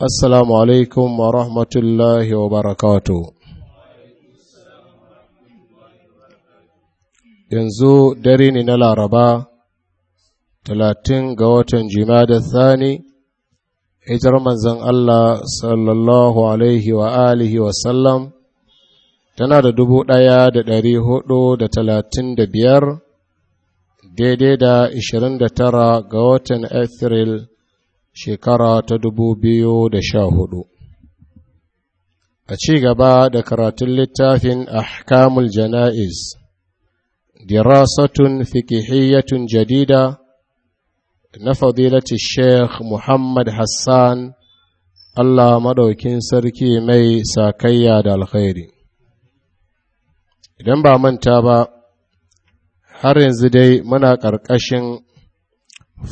Assalamu alaikum wa rahmatullahi wa barakatu. Yanzu dare ne na Laraba, talatin ga watan Jimada Thani, hijar manzan Allah sallallahu alaihi wa alihi wa sallam, tana da dubu ɗaya da ɗari hudu da talatin da biyar, daidai da ishirin da tara ga watan Afril shekara ta dubu biyu da sha hudu. A ci gaba da karatun littafin Ahkamul Jana'iz, dirasatun fikihiyyatun jadida na fadilati Sheikh Muhammad Hassan, Allah maɗaukin sarki mai sakayya da alkhairi. Idan ba manta ba, har yanzu dai muna ƙarƙashin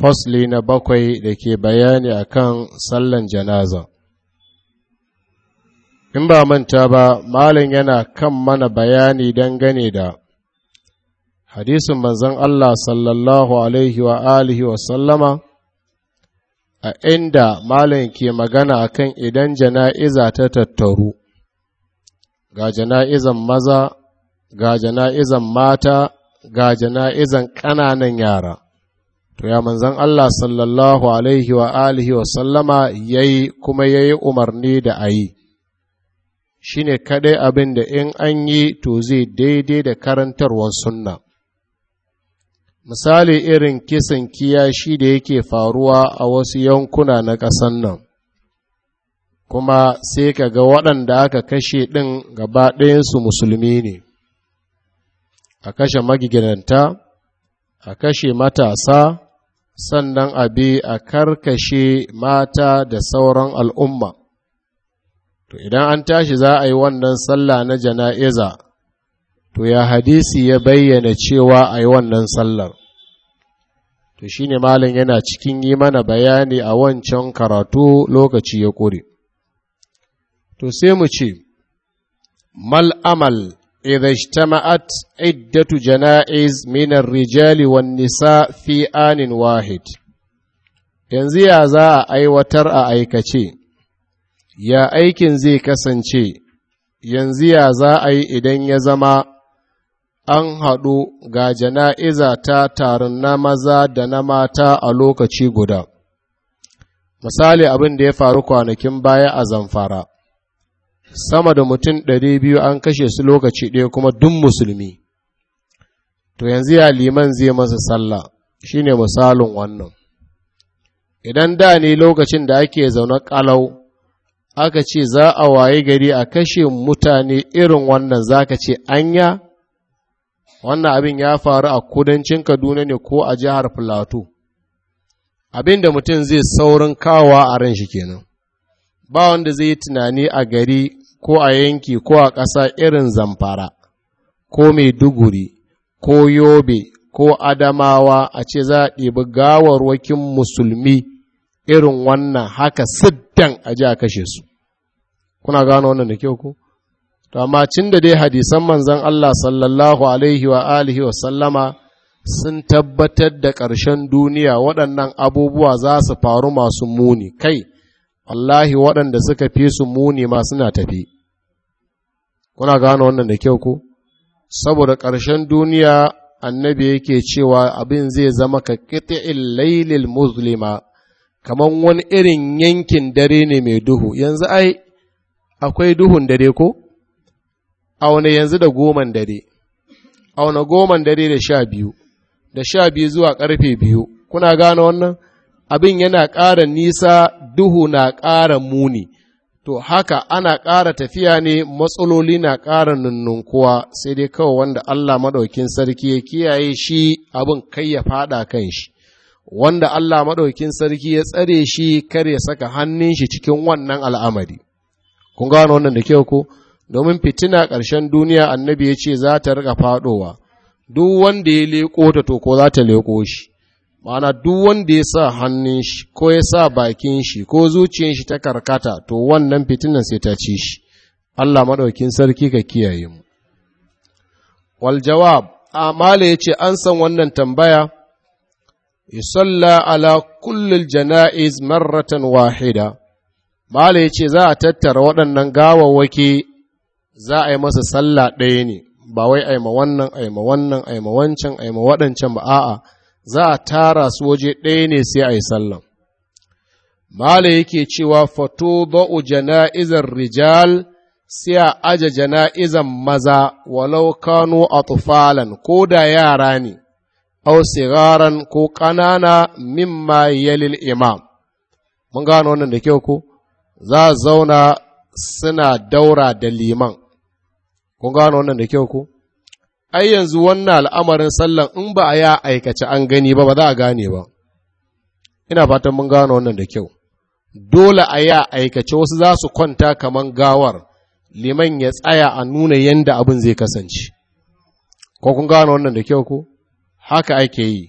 fasli na bakwai da ke bayani akan sallan janaza in ba manta ba malin yana kan mana bayani dangane da hadisin manzon Allah sallallahu alaihi wa alihi wa sallama a inda malin ke magana a kan idan jana'iza ta tattaru ga jana'izan maza ga jana'izan mata ga jana'izan ƙananan yara to ya manzan Allah sallallahu alaihi wa alihi wa sallama ya yi kuma ya yi umarni da ayi ne kaɗai abin da in an yi to zai daidai da karantarwar sunna misali irin kisan kiyashi da yake faruwa a wasu yankuna na ƙasan nan kuma sai ka ga waɗanda aka kashe ɗin gaba ɗayansu musulmi ne a kashe magiganta a kashe matasa sannan abi a karkashe mata da sauran al'umma. To, idan an tashi za a yi wannan sallah na jana'iza, to ya hadisi ya bayyana cewa a yi wannan sallar. To, shi ne malin yana cikin yi mana bayani a wancan karatu lokaci ya ƙure. To, sai mu ce, mal'amal إذا اجتمعت عدة جنائز yanzu ya za a aiwatar a aikace ya aikin zai kasance yanzu ya za a yi idan ya zama an haɗu ga jana'iza ta tarin na maza da na mata a lokaci guda misali abin da ya faru kwanakin baya a zamfara sama da mutum ɗari biyu an kashe su lokaci ɗaya kuma duk musulmi to yanzu ya liman zai masa sallah shine misalin wannan idan da ne lokacin da ake zaune kalau aka ce za a waye gari a kashe mutane irin wannan zaka ce anya wannan abin ya faru a kudancin kaduna ne ko a jihar filato abin da mutum zai saurin kawa a ran shi kenan ba wanda zai yi tunani a gari ko a yanki ko a ƙasa irin zamfara ko maiduguri ko yobe ko adamawa a ce za a ɗibi gawarwakin musulmi irin wannan haka siddan a ji a kashe su kuna gano wannan da kyau ku to amma cin da dai hadisan manzon Allah sallallahu alaihi wa alihi wa sallama sun tabbatar da ƙarshen duniya waɗannan abubuwa za su faru masu muni kai wallahi waɗanda suka fi su muni ma suna tafi kuna gane wannan da kyau ko saboda ƙarshen duniya annabi yake cewa abin zai zama ka qit'il lailil muslima kamar wani irin yankin dare ne mai duhu yanzu ai akwai duhun dare ko auna yanzu da goman dare auna goman dare da sha biyu da sha biyu zuwa karfe biyu kuna gane wannan abin yana ƙara nisa duhu na ƙara muni to haka ana ƙara tafiya ne matsaloli na ƙara nunnunkuwa sai dai kawai wanda Allah maɗaukin sarki ya kiyaye shi abin kai ya faɗa kan shi wanda Allah maɗaukin sarki ya tsare shi kar ya saka hannun shi cikin wannan al'amari kun gano wannan da kyau ko domin fitina ƙarshen duniya annabi ya ce za ta riƙa faɗowa duk wanda ya leƙo ta to ko za ta leƙo shi ma'ana duk wanda ya sa hannun shi ko ya sa bakin shi ko zuciyar shi ta karkata to wannan fitinan sai ta ci shi Allah maɗaukin sarki ka kiyaye mu wal jawab amala yace an san wannan tambaya yusalla ala kullil janaiz marratan wahida mala yace za a tattara waɗannan gawawwaki za a yi masa sallah ɗaya ne ba wai aima wannan aima wannan aima wancan aima waɗancan ba a'a za a tara su waje ɗaya ne sai a yi sallan mala yake cewa fato ba'u jana'izar rijal sai a aje jana'izan maza walau kano a tufalan ko da yara ne au sigaran ko ƙanana mimma yalil imam mun gano wannan da kyau ko za a zauna suna daura da liman kun gano wannan da kyau ko ai yanzu wannan al'amarin sallan in ba a ya aikace an gani ba ba za a gane ba ina fatan mun gano wannan da kyau dole a ya aikace wasu za su kwanta kaman gawar liman ya tsaya a nuna yadda abin zai kasance ko kun gano wannan da kyau ko haka ake yi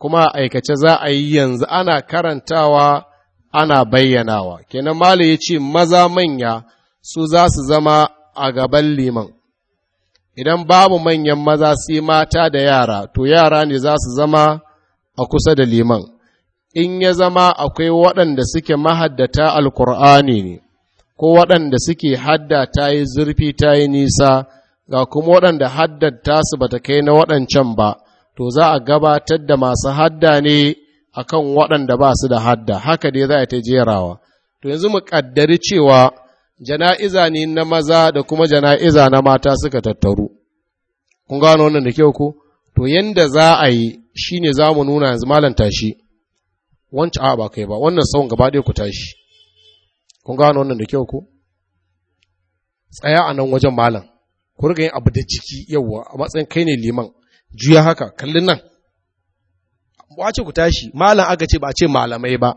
kuma aikace za a yi yanzu ana karantawa ana bayyanawa kenan malu ya ce maza manya su za su zama a gaban liman idan babu manyan maza sai mata da yara to yara ne za su zama a kusa da liman in ya zama akwai waɗanda suke mahaddata alkur'ani ne ko waɗanda suke hadda ta yi zurfi ta yi nisa ga kuma waɗanda haddata su bata kai na waɗancan ba to za a gabatar da masu hadda ne akan waɗanda ba su da hadda haka dai za a ta jerawa to yanzu mu ƙaddari cewa jana'iza ne na maza da kuma jana'iza na mata suka tattaru kun gano wannan da kyau ko to yanda za a yi shi ne za mu nuna yanzu malam tashi wancan a ba kai ba wannan tsawon gaba ɗaya ku tashi kun gano wannan da kyau ko tsaya a nan wajen malam ku riga yin abu da ciki yawwa a matsayin kai ne liman juya haka kallin nan ba ce ku tashi malam aka ce ba ce malamai ba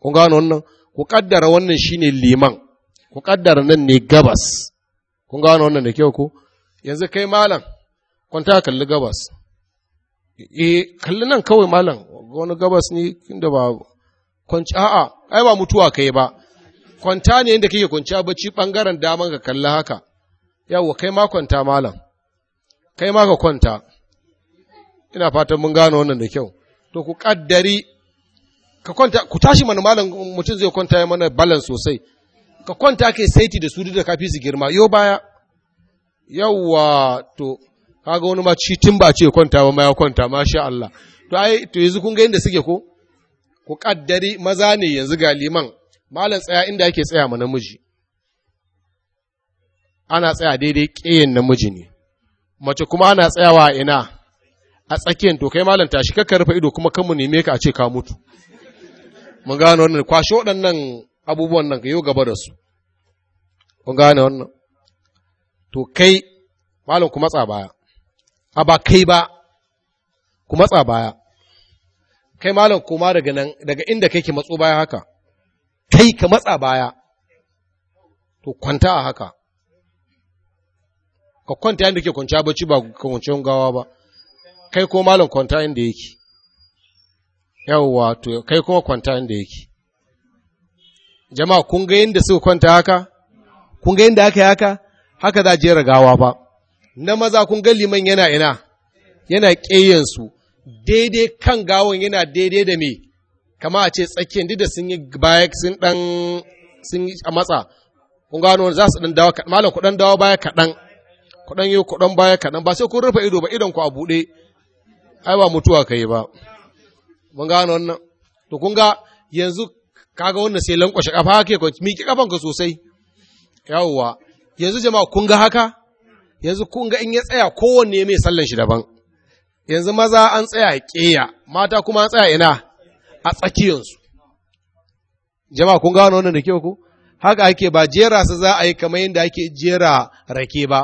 kun gano wannan ku kaddara wannan shine liman ku kaddara nan ne gabas kun gano wannan da kyau ko yanzu kai malam kwanta kalli gabas eh kalli nan kawai malam wani gabas ne inda ba kwanci a'a ai ba mutuwa kai ba kwanta ne inda kake kwanciya bacci bangaren daman ka kalli haka yawa kai ma kwanta malam kai ma ka kwanta ina fatan mun gano wannan da kyau to ku kaddari ka kwanta ku tashi mana malam mutum zai kwanta ya mana balan sosai ka kwanta ke saiti da su duk da kafi su girma yau baya wa to kaga wani ma tun ba ce kwanta ba ma ya kwanta sha Allah to ai to yanzu kun ga inda suke ko ku kaddari maza ne yanzu ga liman malam tsaya inda yake tsaya ma namiji ana tsaya daidai ƙeyin namiji ne mace kuma ana tsayawa ina a tsakiyar to kai malam tashi kakka rufe ido kuma kan mu neme ka a ce ka mutu mun gano wannan kwashe waɗannan abubuwan nan ka yi gaba da su kun gane wannan to kai malam ku matsa baya a ba kai ba ku matsa baya kai malam kuma daga nan daga inda kai ki matso baya haka kai ka matsa baya to kwanta a haka ka kwanta yadda ke kwanci abinci ba ka kwanciyar gawa ba kai ko malam kwanta inda yake yawwa to kai kuma kwanta inda yake jama'a kun ga yadda suka kwanta haka kun ga yadda aka yi haka haka za jera gawa ba na maza kun ga liman yana ina yana ƙeyansu daidai kan gawon yana daidai da me kama a ce tsakiyar dida da sun yi baya sun dan sun yi a matsa kun gano za su dan dawa malam ku dan dawa baya kaɗan ku yi ku baya kaɗan ba sai kun rufe ido ba idan ku a buɗe ai ba mutuwa ka yi ba mun gano wannan to kun ga yanzu kaga wannan sai lankwashe kafa haka ko miki kafanka sosai yawwa yanzu jama'a kun ga haka yanzu kun ga in ya tsaya kowanne mai sallan shi daban yanzu maza an tsaya keya mata kuma an tsaya ina a tsakiyansu jama'a kun ga wannan da kyau ku haka ake ba jera su za a yi kamar yadda ake jera rake ba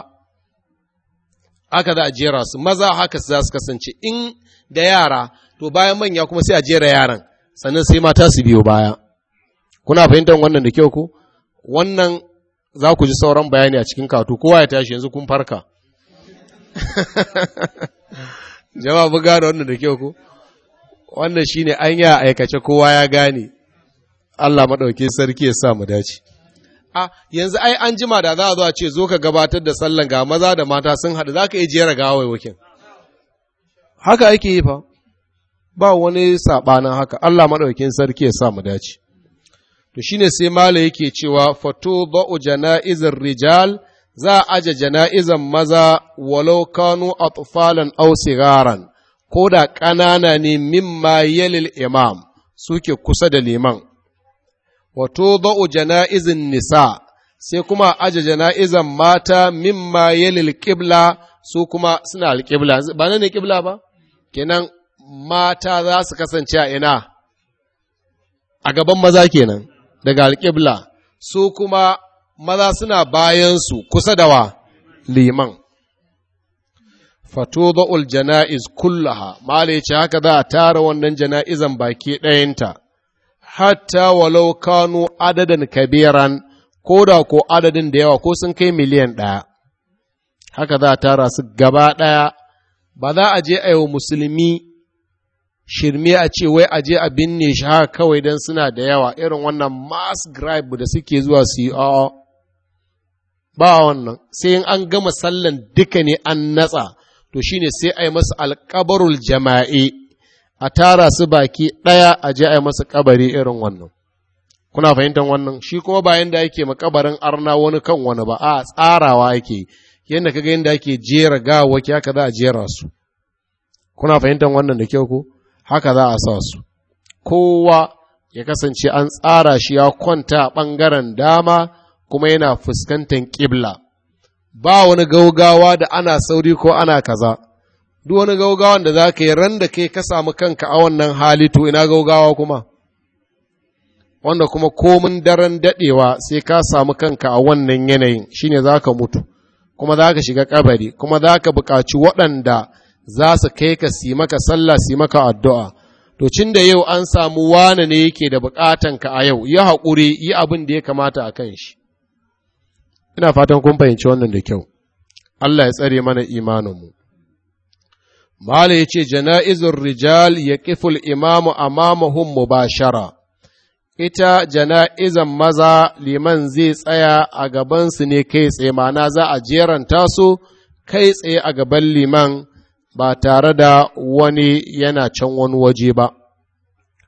aka za a jera su maza haka su za su kasance in da yara to bayan manya kuma sai a jera yaran sannan sai mata su biyo baya kuna fahimtar wannan da kyau ko wannan za ku ji sauran bayani a cikin katu kowa ya tashi yanzu kun farka jama'a mun gane wannan da kyau ko wannan shine an ya aikace kowa ya gane Allah maɗauki sarki ya sa mu dace a yanzu ai an jima da za a zo a ce zo ka gabatar da sallan ga maza da mata sun haɗu za ka iya jera wakin haka ake yi fa ba wani saɓanin haka Allah maɗaukin sarki ya sa mu dace to ne sai malam yake cewa fato ba'u jana'izar rijal za a aje jana'izan maza walau kanu atfalan aw sigaran ko da ƙanana ne mimma yalil imam suke kusa da liman wato ba'u jana'izin nisa sai kuma aje jana'izan mata mimma yalil qibla su kuma suna alƙibla ba nan ne ƙibla ba kenan mata za su kasance a ina a gaban maza kenan daga alƙibla su kuma maza suna bayansu kusa da wa liman fatudul jana'iz kullaha mala haka za a tara wannan jana'izan baki ɗayanta hatta walau kanu adadin kabiran ko da ko adadin da yawa ko sun kai miliyan ɗaya haka za a tara su gaba ɗaya ba za a je a yi musulmi shirme a ce wai aje a binne shi haka kawai don suna da yawa irin wannan mass gribe da suke zuwa su yi a'a ba wannan sai in an gama sallan duka ne an natsa to shine sai a yi masu alkabarul jama'i a tara su baki ɗaya a je a yi masu kabari irin wannan kuna fahimtar wannan shi kuma bayan da yake makabarin arna wani kan wani ba a tsarawa yake yadda kaga yadda ake jera gawaki haka za a jera su kuna fahimtar wannan da kyau ko haka za a sa su kowa ya kasance an tsara shi ya kwanta a ɓangaren dama kuma yana fuskantar ƙibla ba wani gaugawa da ana sauri ko ana kaza duk wani gaugawan da za ka yi ran da kai ka samu kanka a wannan hali to ina gaugawa kuma wanda kuma komin daren daɗewa sai ka samu kanka a wannan yanayin shine za ka mutu kuma za ka shiga kabari kuma za ka buƙaci waɗanda za su kai ka si maka sallah si maka addu'a to cin da yau an samu wane ne yake da bukatan ka a yau ya haƙuri yi abin da ya kamata a kan shi ina fatan kun fahimci wannan da kyau Allah ya tsare mana imaninmu Mala ya ce jana'izun rijal ya ƙiful imamu ba shara. ita jana'izan maza liman zai tsaya a gabansu ne kai tsaye mana za a jeranta su kai tsaye a gaban liman ba tare da wani yana can wani waje ba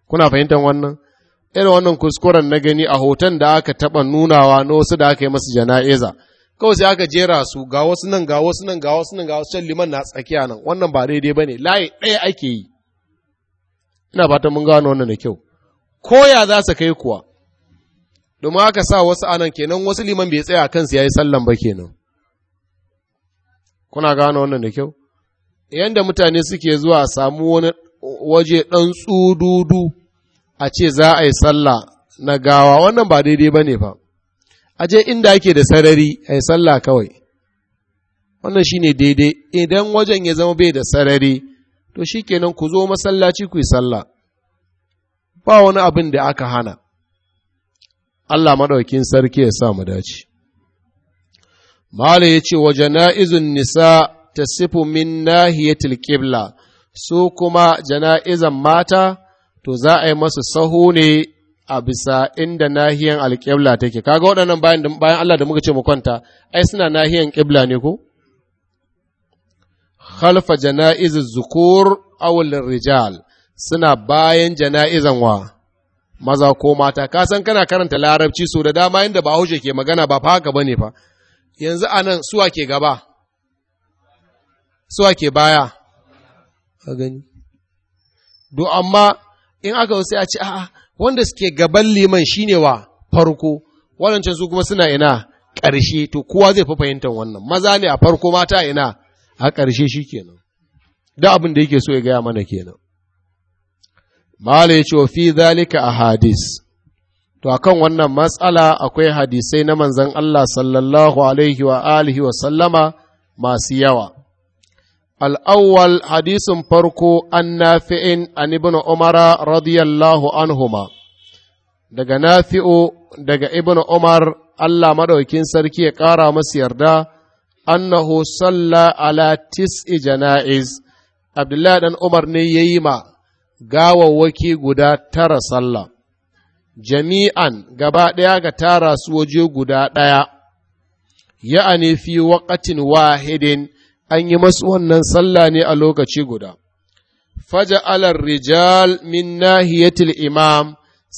kuna fahimtar wannan irin wannan kuskuren na gani a hoton da aka taɓa nunawa na wasu da aka yi masu jana'iza kawai sai aka jera su ga wasu nan ga wasu nan ga wasu nan ga wasu can liman na tsakiya nan wannan ba daidai ba ne layi ɗaya ake yi ina fatan mun gano wannan da kyau koya za su kai kuwa domin aka sa wasu anan kenan wasu liman bai tsaya kansu ya yi sallan ba kenan kuna gano wannan da kyau yanda mutane suke zuwa a samu wani waje ɗan tsududu a ce za a yi sallah na gawa wannan ba daidai ba ne ba a je inda ake da sarari a yi sallah kawai wannan shi ne daidai idan wajen ya zama bai da sarari to shi kenan ku zo masallaci ku yi sallah ba wani abin da aka hana Allah maɗaukin sarki ya sa mu dace Mala ya ce wa jana'izun nisa tasifu min nahiyatul qibla su kuma jana'izan mata to za a yi masu sahu ne a bisa inda nahiyan alƙibla take kaga waɗannan bayan bayan Allah da muka ce mu kwanta ai suna nahiyan qibla ne ko khalfa jana'iz zukur aw rijal suna bayan jana'izan wa maza ko mata ka san kana karanta larabci so da dama inda ba haushe ke magana ba fa haka bane fa yanzu anan suwa ke gaba suwa ke baya a gani do amma in aka wasu ya ce a wanda suke gaban liman shine wa farko waɗancan su kuma suna ina ƙarshe to kowa zai fi fahimtar wannan maza ne a farko mata ina a ƙarshe shi kenan da abin da yake so ya gaya mana kenan mala ya ce fi zalika a hadis to akan wannan matsala akwai hadisai na manzan Allah sallallahu alaihi wa alihi wa sallama masu yawa al'awwal hadisin farko an nafi'in an ibn umara radiyallahu anhuma daga nafi'u daga ibn umar Allah maɗaukin sarki ya ƙara masu yarda annahu salla ala tis'i jana'iz Abdullahi ɗan Umar ne ya yi ma gawawwaki guda tara sallah jami'an gaba ɗaya ga tara su waje guda ɗaya ya'ani fi waƙatin wahidin an yi masu wannan sallah ne a lokaci guda. Faja alar rijal min nahiyatil imam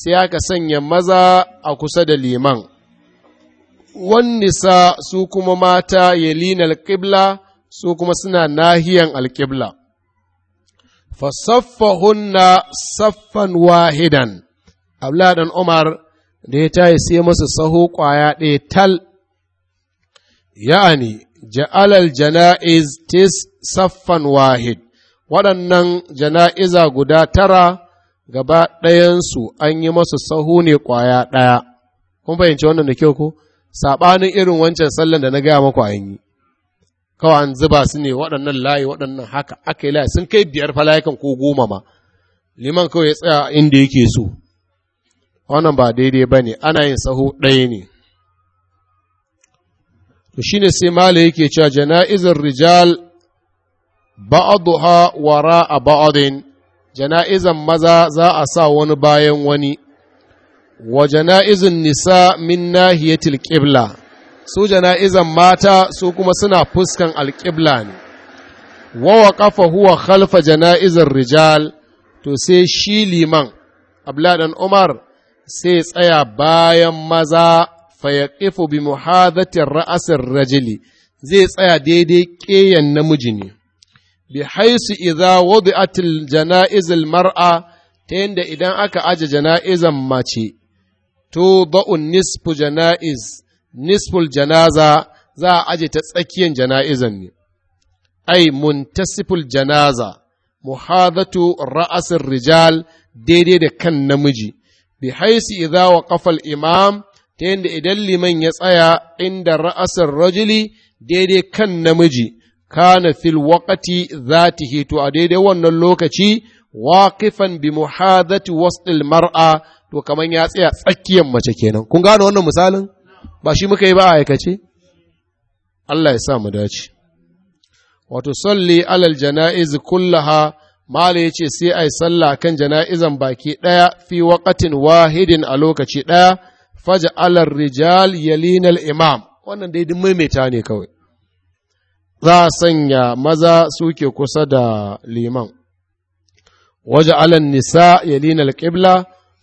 sai aka sanya maza a kusa da liman. Wannisa su kuma mata yalina alƙibla su kuma suna nahiyan alƙibla. Fasaffahunna saffan wahidan, Abladan Umar da ya tayi sai masu saho ƙwaya ɗaya tal, ya'ani ja'alal jana'iz tis saffan wahid waɗannan jana'iza guda tara gaba ɗayansu an yi masu sahu ne ƙwaya ɗaya kun fahimci wannan da kyau ko saɓanin irin wancan sallan da na gaya maku a yi kawai an zuba su ne waɗannan layi waɗannan haka aka yi layi sun kai biyar falayakan ko goma ma liman kawai ya tsaya inda yake so wannan ba daidai ba ne ana yin sahu ɗaya ne to shine sai mala yake cewa jana'izar rijal ba'daha wara a ba'din jana'izan maza za a sa wani bayan wani wa jana'izun nisa min nahiyatil qibla su jana'izan mata su kuma suna fuskan alqibla ne wa waqafa huwa khalfa jana'izar rijal to sai shi liman abladan umar sai tsaya bayan maza fayaƙifu bi muhadhati ra'asir rajili zai tsaya daidai ƙeyan namiji ne bi haisu idza wadi'atil jana'izil mar'a ta yadda idan aka aje jana'izan mace to da'un nisfu jana'iz nisful janaza za a aje ta tsakiyan jana'izan ne ai muntasiful janaza muhadatu ra'asir rijal daidai da kan namiji bi haisi idza waqafa al imam ta yadda idan liman ya tsaya inda ra'asar rajuli daidai kan namiji kana fil za zatihi to a daidai wannan lokaci waqifan bi muhadati wasl mar'a to kaman ya tsaya tsakiyar mace kenan kun gane wannan misalin ba shi muka yi ba a aikace Allah ya sa mu dace wato salli alal jana'iz kullaha mala ya ce sai a yi sallah kan jana'izan baki ɗaya fi waƙatin wahidin a lokaci ɗaya faj-alar rijal yalinal imam wannan dai duk maimaita ne kawai za a sanya maza suke kusa da liman waje alan nisa yalinal qibla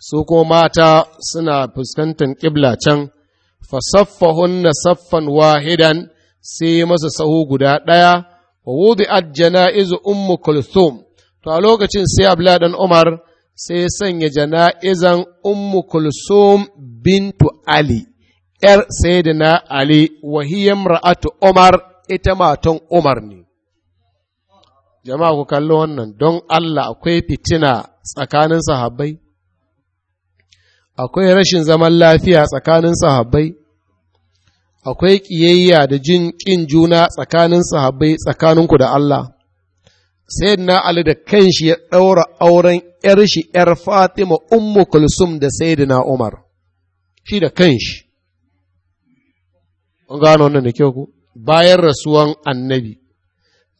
su ko mata suna fuskantar ƙibla can na saffan wahidan sai masa sahu guda ɗaya wa wudi'at janaizu ummu kulthum to a lokacin sai abla dan umar sai sanya jana'izan ummu kulsum bintu ali ‘yar sayyidina ali wahiyam ra'atu umar ita matan umar ne jama'a ku kalli wannan don allah akwai fitina tsakanin sahabbai akwai rashin zaman lafiya tsakanin sahabbai akwai ƙiyayya da jin ƙin juna tsakanin sahabbai tsakaninku da allah sai na Ali da kanshi ya ɗaura auren ‘yar shi ‘yar Fatima Ummu Kulsum da Sayyidina Umar, shi da kanshi. An gano wannan da kyau ku? Bayan rasuwan annabi,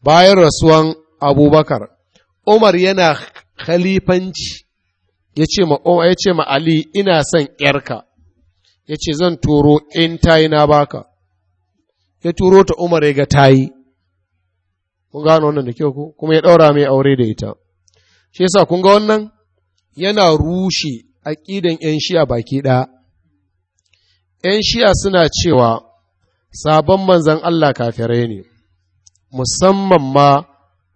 bayan rasuwan Abubakar, Umar yana khalifanci, ya ce ma, Ali, ina son ‘yarka, ya ce zan turo in tayi na baka, ya turo ta Umar ya ga tayi. kun gano wannan da kyau kuma ya ɗaura mai aure da ita shi yasa kun ga wannan yana rushe aƙidan 'yan shiya baki ɗaya 'yan shiya suna cewa sabon manzan Allah kafirai ne musamman ma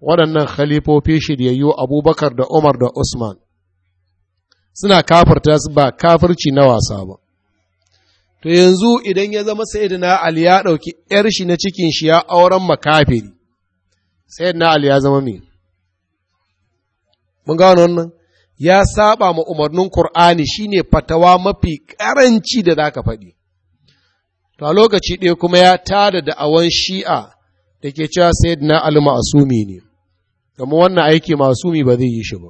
waɗannan khalifofi shiryayyu abubakar da umar da usman suna kafirta su ba kafirci na wasa ba to yanzu idan ya zama sai na ali ya ɗauki ‘yar shi na cikin shi ya auren makafiri sai na ali ya zama mai mun gano wannan ya saba ma umarnin Kur'ani shine fatawa mafi karanci da zaka faɗi to a lokaci ɗaya kuma ya tada da'awan shi'a da ke cewa sayyidina ali ma'asumi ne kuma wannan aiki ma'asumi ba zai yi shi ba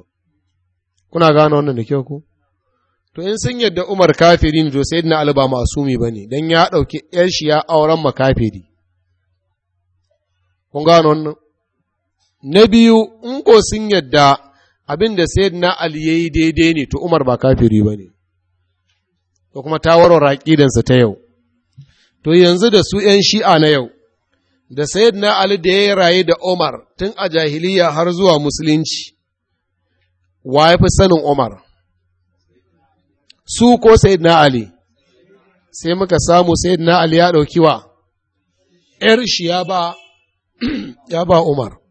kuna gano wannan da kyau ku to in sun yadda Umar kafiri ne to sayyidina Ali ba masumi bane dan ya dauki yar shi ya auren ma kafiri kun gano wannan na biyu in ko sun yadda abin da na ali yayi daidai ne to umar ba kafiri ne, ko kuma ta warware ƙidansa ta yau to yanzu da su ‘yan shi'a na yau, da na Ali da ya yi raye da Umar tun a jahiliya har zuwa musulunci, wa ya fi sanin Umar? Su ko na Ali, sai muka samu na Ali ya ɗauki wa, ‘yar shi ya ba Umar.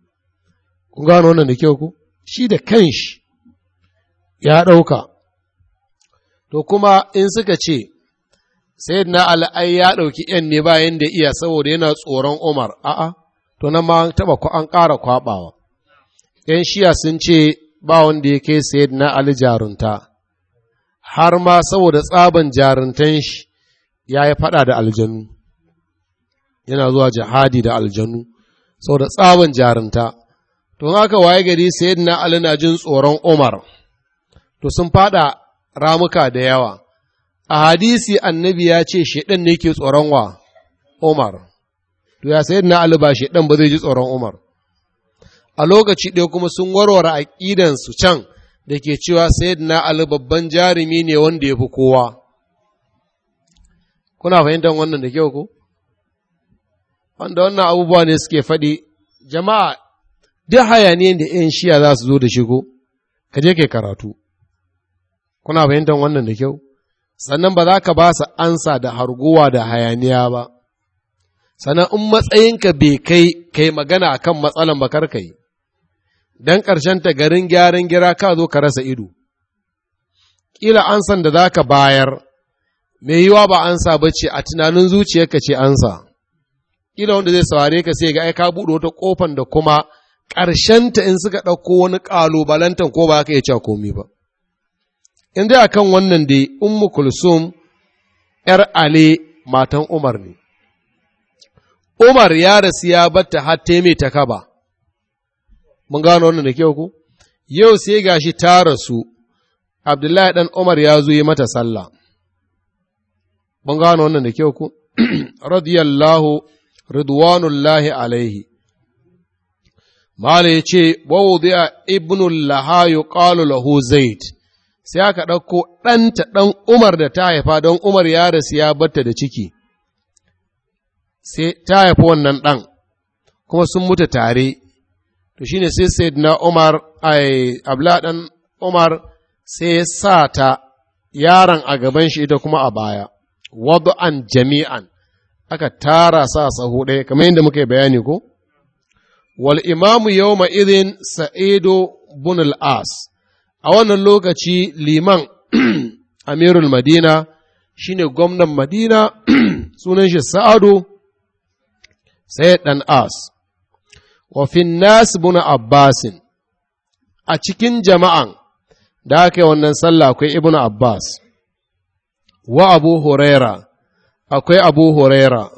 kun gano wannan da kyau ku shi da kanshi ya ɗauka to kuma in suka ce sai na al'ai ya ɗauki ‘yan ne bayan da iya saboda yana tsoron Umar, a'a, to nan ma taɓa ku an ƙara kwaɓawa. ‘Yan shiya sun ce ba wanda ya kai sayid na Ali jarunta, har ma saboda tsaban jaruntan shi ya yi faɗa da aljanu, yana zuwa jihadi da aljanu, saboda tsaban jarunta. to haka waye gari sayyidina Ali na jin tsoron Umar to sun fada ramuka da yawa a hadisi annabi ya ce shedan ne ke tsoron wa Umar to ya sayyidina Ali ba shedan ba zai ji tsoron Umar a lokaci ɗaya kuma sun warware aƙidansu can da ke cewa sayyidina Ali babban jarumi ne wanda ya fi kowa kuna fahimtar wannan da kyau ko wanda wannan abubuwa ne suke faɗi jama'a duk hayaniyan da ‘yan shiya za su zo da shigo, ka je ka karatu. Kuna fahimtar wannan da kyau? Sannan ba za ka ba su ansa da harguwa da hayaniya ba, sannan in matsayinka bai kai kai magana a kan matsalan bakar kai, don ta garin gyaran gira ka zo ka rasa ido. Ƙila ansan da za ka bayar, mai yiwa ba ansa ba ce a tunanin zuciyarka ce ansa. Ƙila wanda zai saurare ka sai ga ai ka buɗe wata ƙofan da kuma ƙarshenta in suka ɗauko wani ƙalubalantan ko ba ka iya cewa komi ba. In dai akan wannan dai Ummu Kulsum ‘yar Ali matan Umar ne. Umar ya rasu ya batta har ta mai ta kaba. Mun gano wannan da kyau ku? Yau sai gashi ta rasu, Abdullahi ɗan Umar ya zo yi mata sallah. Mun gano wannan da kyau ku? Radiyallahu, Ridwanullahi alaihi. Mala ya ce, Wawudiya ibnul Lahayu yuqalu lahu Zaid, sai aka ɗauko ɗanta ɗan Umar da ta haifa don Umar ya rasu ya batta da ciki, sai ta haifa wannan ɗan, kuma sun mutu tare, to shine sai Said na Umar, ai, abla ɗan Umar sai ya sa ta yaron a gaban shi ita kuma a baya, wadu'an jami'an, aka tara sa sahu ɗaya, kamar yadda muka yi bayani ko? wal imamu yawma idin sa'idu bin al-as a wannan lokaci liman amirul madina shine gwamnan madina sunan shi sa'adu sai dan as wa fin nas abbasin a cikin jama'an da aka wannan sallah akwai Ibn abbas wa abu huraira akwai abu huraira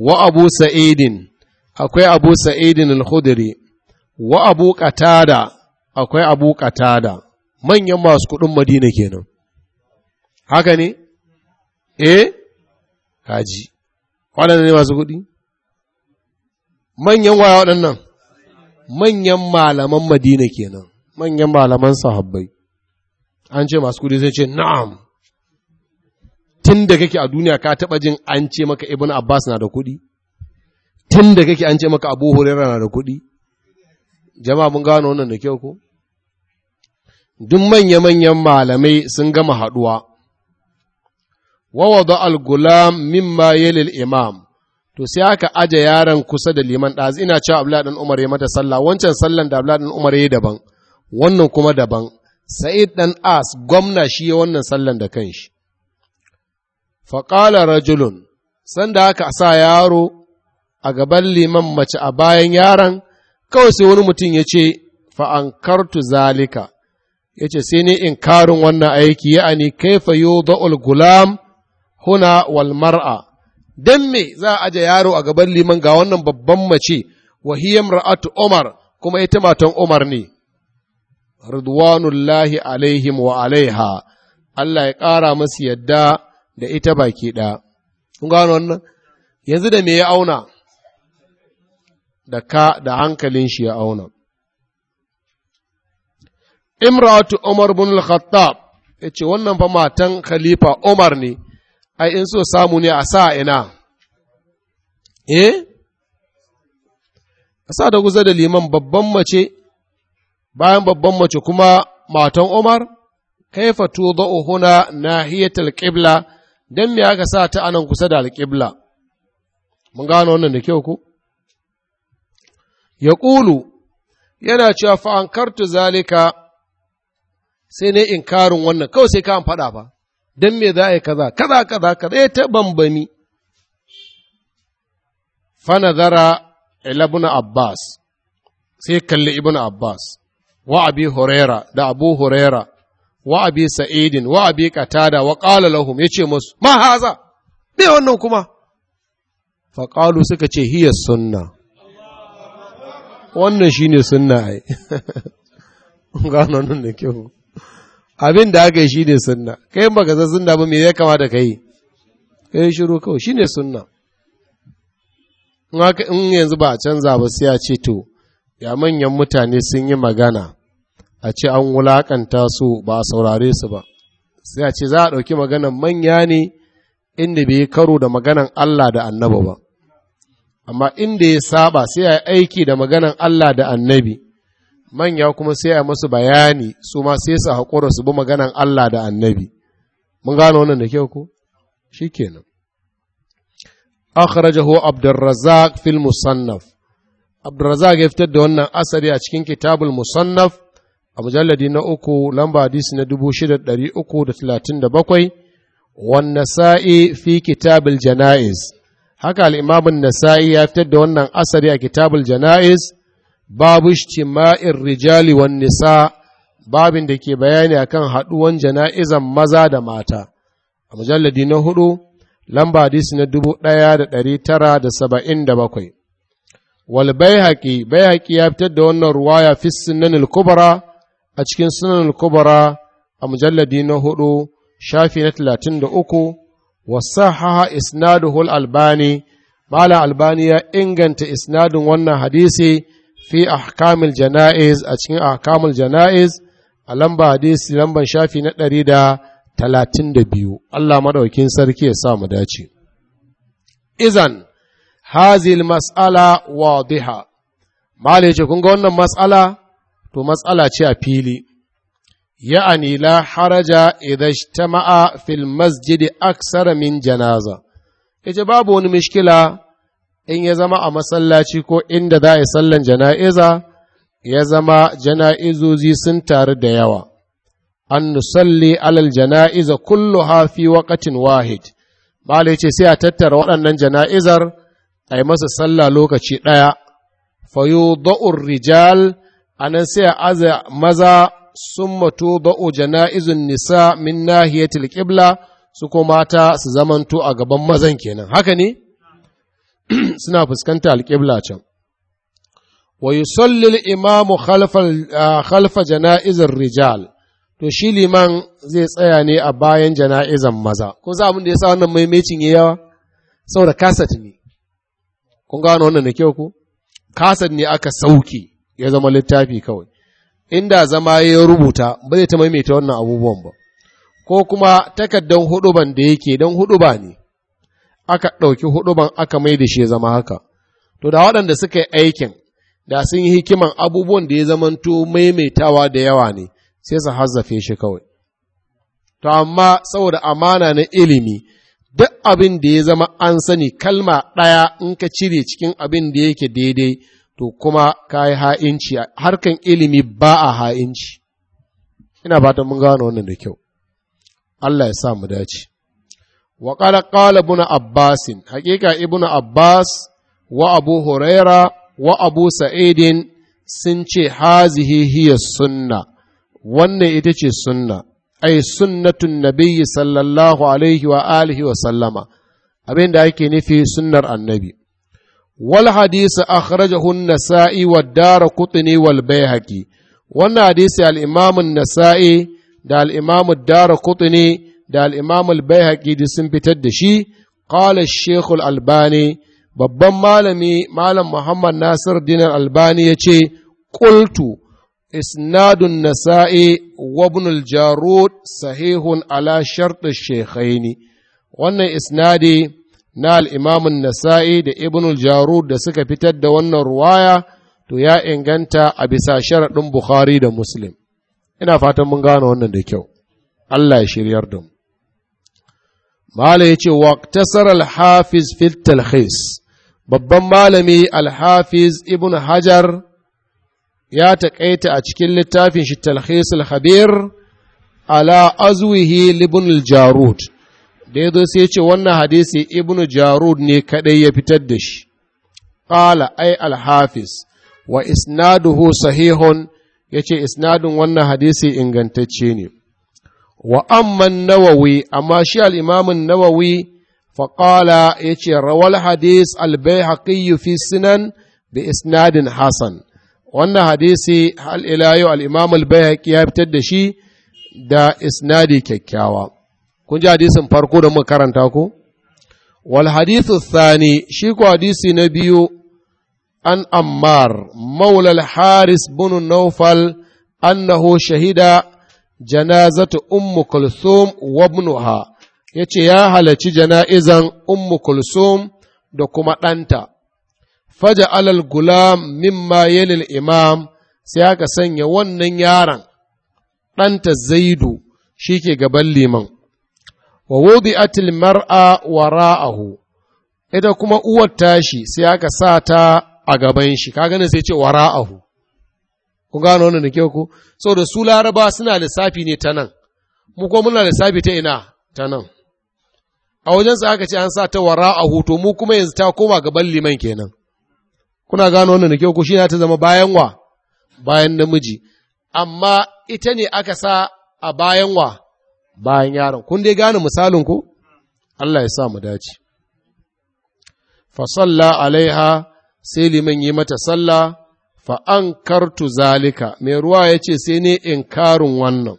wa abu sa'idin akwai abu sa'idin al wa abu ƙatada akwai abu ƙatada manyan masu kudin madina kenan haka ne eh kaji waɗanda ne masu kudi manyan waya waɗannan manyan malaman madina kenan manyan malaman sahabbai an ce masu kudi sai ce na'am tun da kake a duniya ka taɓa jin an ce maka ibn abbas na da kudi tun da kake an ce maka abu hurera na da kuɗi jama'a mun gano wannan da kyau ko duk manya-manyan malamai sun gama haɗuwa wawada al-gulam mimma yalil imam to sai aka aje yaron kusa da liman ɗazi ina cewa abdullahi dan umar ya mata sallah wancan sallan da abdullahi dan umar ya daban wannan kuma daban sa'id dan as gwamna shi ya wannan sallan da kanshi qala rajulun sanda aka sa yaro a gaban liman mace a bayan yaron kawai sai wani mutum ya ce fa'an kartu zalika ya ce sai ne in karin wannan aiki ya ani kaifa yo da'ul gulam huna wal mar'a don me za a aje yaro a gaban liman ga wannan babban mace wahiyam ra'atu umar kuma ita matan umar ne ridwanullahi alaihim wa alaiha Allah ya ƙara masu yadda da ita baki ɗaya. Kun Yanzu da me ya auna, da ka da hankalin shi ya auna. Imratu Umar bin al-Khattab ya ce wannan fa matan Khalifa Umar ne, ai in so samu ne a sa ina. Eh? A sa da guza da liman babban mace, bayan babban mace kuma matan Umar, kaifa na nahiyatal qibla dan me aka sa ta anan kusa da alƙibla? mun gano wannan da kyau ko ya ƙulu yana cewa fa'ankartu zalika sai na inkarin wannan kawai sai ka an faɗa ba don me za a yi kaza kaza kaza kaza ya ta bambami fanazara zara ibn abbas sai kalli ibn abbas wa abi huraira da abu huraira wa abi sa'idin wa abi qatada wa qala lahum yace musu ma haza me wannan kuma fa qalu suka ce hiya sunna wannan shi ne sunna ai gano da kyau abin da aka yi shi ne sunna kai ba ka san sunna ba mai ya ma da kai kai shiru kawo shi ne sunna in yanzu ba a canza ba sai a ce to ya manyan mutane sun yi magana a ce an wulakanta su ba a saurare su ba sai a ce za a ɗauki maganan manya ne inda bai yi karo da maganan Allah da annaba ba amma inda ya saba sai ya aiki da maganan Allah da annabi manya kuma sai ya masu bayani su ma sai su haƙura su bi maganan Allah da annabi mun gano wannan da kyau ko shikenan akhrajahu abdurrazzaq fil musannaf abdurrazzaq ya fitar da wannan asari a cikin kitabul musannaf a mujalladi na uku lamba hadis na dubu shida nasa'i fi kitabil jana'iz haka al'imamin nasa'i ya fitar da wannan asari a kitabul jana'iz babu ma’in rijali wan nisa babin da ke bayani akan haɗuwan jana'izan maza da mata a mujalladi na hudu lamba hadisi na dubu ɗaya da ɗari tara da saba'in da bakwai wal bai bayhaqi ya fitar da wannan ruwaya fi sunan al a cikin sunan kubara a mujalladi na hudu shafi na talatin da uku wasahaha isnaduhul albani malam albani ya inganta isnadin wannan hadisi fi ahkamil jana'iz a cikin ahkamul jana'iz a lamba hadisi lamban shafi na ɗari da talatin da biyu Allah maɗaukin sarki ya sa mu dace izan hazil mas'ala wadiha mala ya ce kun ga wannan mas'ala to mas'ala ce a fili ya'ani la haraja idan ma'a fil masjidi aksara min janaza yace babu wani mishkila in ya zama a masallaci ko inda za a yi sallar jana'iza ya zama jana'izozi sun taru da yawa an nusalli alal jana'iza kulluha hafi waqatin wahid malai ce sai a tattara waɗannan jana'izar a yi masa sallah lokaci ɗaya fayu da'ur rijal a nan sai a aza maza summa ba'u jana'izun nisa min nahiyatil qibla su ko mata su zamanto a gaban mazan kenan haka ne suna fuskanta alqibla can wa yusalli al-imam ah, khalfa jana'izir rijal to shi liman zai tsaya ne a bayan jana'izan maza ko za mun da yasa wannan maimacin ya yawa saboda kasat ne kun gano wannan da kyau ko kasat ne aka sauke ya zama littafi kawai inda zama ya rubuta ba zai ta maimaita wannan abubuwan ba ko kuma takaddan huduban da yake don huduba ne aka ɗauki huduban aka mai da shi ya zama haka to da waɗanda suka yi aikin da sun yi hikiman abubuwan da ya zamanto maimaitawa da yawa ne sai su hazzafe shi kawai to amma saboda amana na ilimi duk abin da ya zama an sani kalma ɗaya in ka cire cikin abin da yake daidai to kuma ka yi ha'inci harkan ilimi ba a ha'inci ina ta mun gano wannan da kyau Allah ya sa mu dace wa qala ƙala buna abbasin haqiqa ibn abbas wa abu huraira wa abu sa'idin sun ce hazihi hiya sunna wannan ita ce sunna ai sunnatun nabiyyi sallallahu alaihi wa alihi wa sallama abin da ake nufi sunnar annabi wal hadisi akhrajahu an-nasa'i wad dar qutni wal bayhaqi wannan hadisi al-imam an-nasa'i da al-imam ad-dar qutni da al-imam al-bayhaqi da sun fitar da shi qala ash al-albani babban malami malam muhammad nasir dinar albani yace qultu isnadun nasa'i wa ibn al-jarud sahihun ala shart ash-shaykhaini wannan isnadi na al'imamun nasa'i da ibn da suka fitar da wannan ruwaya to ya inganta a bisa sharaɗin bukhari da muslim ina fatan mun gano wannan da kyau allah ya shiryar da mu mala ya ce waktasar alhafiz fil talhis babban malami alhafiz ibn hajar ya taƙaita a cikin littafin shi talhis al-habir ala azwihi libn al-jarud da ya zo sai ce wannan hadisi ibnu jarud ne kadai ya fitar da shi qala ai al wa isnaduhu sahihun yace isnadun wannan hadisi ingantacce ne wa amma nawawi amma shi al-imam an-nawawi fa qala yace rawal hadis al-baihaqi fi sunan bi isnadin hasan wannan hadisi hal ila yau al ya fitar da shi da isnadi kyakkyawa kun ji hadisin farko da muka karanta ko wal hadithu thani shi ko hadisi na biyu an ammar maula haris bin nawfal annahu shahida janazatu ummu kulsum wa ibnuha yace ya halarci jana'izan ummu kulsum da kuma ɗanta faja alal gulam mimma yalil imam sai aka sanya wannan yaron ɗanta zaidu shi ke gaban liman wa wudi'atil mar'a wara'ahu ita kuma uwar tashi sai aka sa ta a gaban shi ka ne sai ce wara'ahu ku gano wannan da kyau ku da su laraba suna lissafi ne ta nan mu ko muna lissafi ta ina ta nan a wajen sa aka ce an sa ta wara'ahu to mu kuma yanzu ta koma gaban liman kenan kuna gano wannan da ku shi ta zama bayan wa bayan namiji amma ita ne aka sa a bayan wa bayan yaron kun dai gane misalin ku Allah ya sa mu dace fa salla alaiha sai liman yi mata salla fa ankartu zalika mai ruwa ya ce sai ne inkarin wannan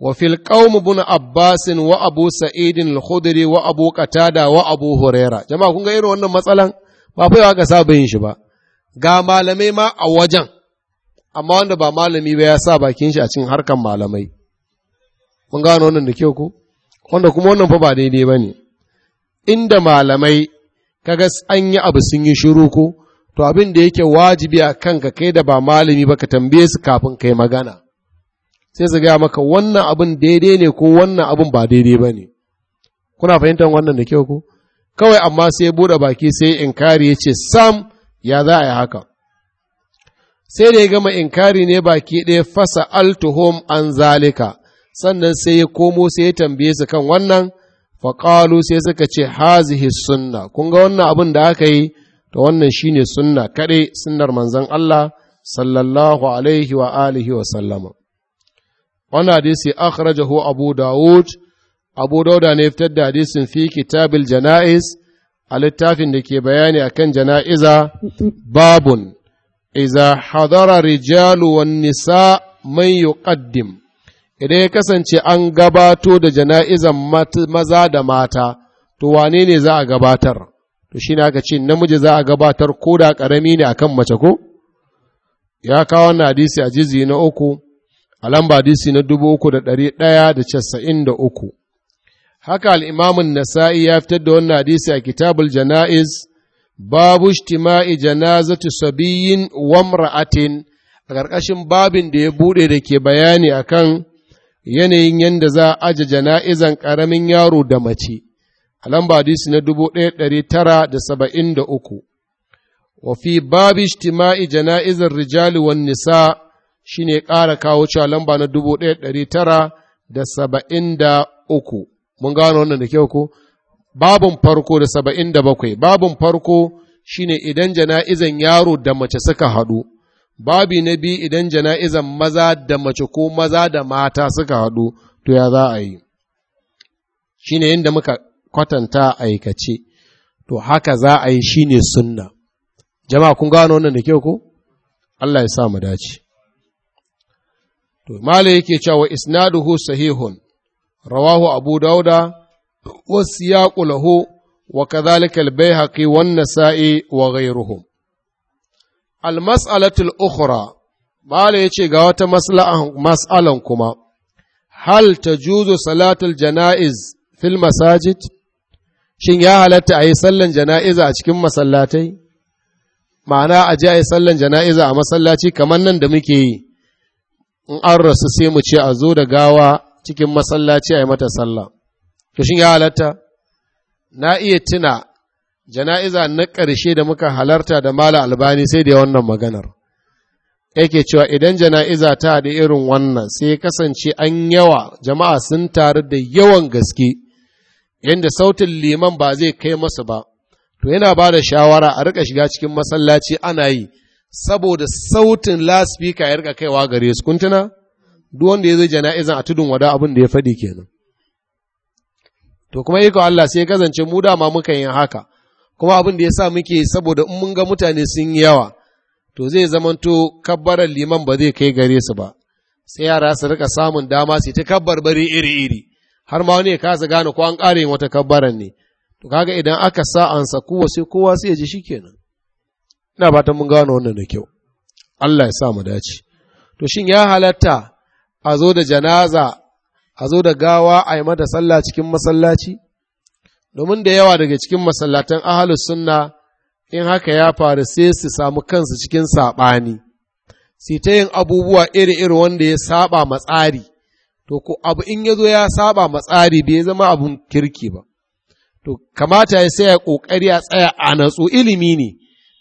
Wa wa abu sa'id al khudri wa abu qatada wa abu huraira jama'a kun ga irin wannan matsalan ba fa ga saba shi ba ga malamai ma a wajen amma wanda ba malami ba ya sa bakin shi a cikin harkan malamai mun gano wannan da kyau ko wanda kuma wannan fa ba daidai ba inda malamai kaga an yi abu sun yi shiru ko to abin da yake wajibi a kanka kai da ba malami ba ka tambaye su kafin kai magana sai su gaya maka wannan abin daidai ne ko wannan abin ba daidai ba ne kuna fahimtar wannan da kyau ko kawai amma sai ya buɗe baki sai inkari ya ce sam ya za a yi haka sai da ya gama inkari ne baki ɗaya fasa altuhum an zalika sannan sai ya komo sai ya tambaye su kan wannan faƙalu sai suka ce hazihi sunna kun ga wannan abin da aka yi to wannan shine sunna kaɗai sunnar manzon Allah sallallahu alaihi wa alihi wa sallama wannan hadisi akhrajahu abu dawud abu dauda ne fitar da hadisin fi kitabil jana'iz a littafin da ke bayani akan jana'iza babun iza hadara rijalu wan nisa man yuqaddim idan ya kasance an gabato da jana'izan maza da mata to wane ne za a gabatar to shine aka ce namiji za a gabatar ko da karami ne akan mace ko ya kawo wannan hadisi a jizi na uku a lamba hadisi na dubu uku da ɗari ɗaya da casa'in da uku haka al'imamin nasa'i ya fitar da wannan hadisi a kitabul jana'iz babu ijtima'i janazatu sabiyin wa imra'atin a ƙarƙashin babin da ya buɗe da ke bayani akan yanayin yadda za a aje jana'izan ƙaramin yaro da mace a lamba hadisi na dubu wa fi babu ijtima'i jana'izar rijali wan nisa shine ƙara kawo cewa lamba na dubu mun gano wannan da kyau ko babun farko da saba'in da bakwai babun farko shine idan jana'izan yaro da mace suka haɗu babi na biyu idan jana'izan maza da mace ko maza da mata suka haɗu to ya za a yi shine yadda muka kwatanta aikace to haka za a yi shine sunna jama'a kun gano wannan da kyau ko Allah ya sa mu dace to mala yake cewa isnaduhu sahihun rawahu abu dauda wa له وكذلك البيهقي والنسائي وغيرهم المسألة الأخرى ما يشي غاوة مسألة كما هل تجوز صلاة الجنائز في المساجد shin ya halatta a yi sallan jana'iza a cikin masallatai ma'ana a je a yi sallan jana'iza a masallaci kamar nan da muke yi in an rasu sai mu ce a zo da gawa cikin masallaci a yi mata sallah to shin ya halarta na iya tuna jana'iza na ƙarshe da muka halarta da mala albani sai da wannan maganar yake cewa idan jana'iza ta da irin wannan sai kasance an yawa jama'a sun taru da yawan gaske yadda sautin liman ba zai kai masu ba to yana ba da shawara a rika shiga cikin masallaci ana yi saboda sautin laspika ya rika kaiwa gare su kuntuna duk wanda ya zai jana'izan a tudun wada abin da ya faɗi kenan to kuma iko Allah sai kazance mu dama muka yin haka kuma abin da ya sa muke saboda in mun ga mutane sun yi yawa to zai zamanto kabbarar liman ba zai kai gare su ba sai yara su rika samun dama su ta kabbar bari iri-iri har ma wani ya kasa gane ko an ƙare wata kabbaran ne to kaga idan aka sa an kowa sai kowa sai ya ji shikenan ina fatan mun gano wannan da kyau Allah ya sa mu dace to shin ya halatta a zo da janaza a zo da gawa a yi mata sallah cikin masallaci domin da yawa daga cikin masallatan ahalus sunna in haka ya faru sai su samu kansu cikin saɓani sai ta yin abubuwa iri-iri wanda ya saba matsari to ku abu in ya zo ya saba matsari bai zama abun kirki ba to kamata ya sai ya ƙoƙari a tsaya a natsu ilimi ne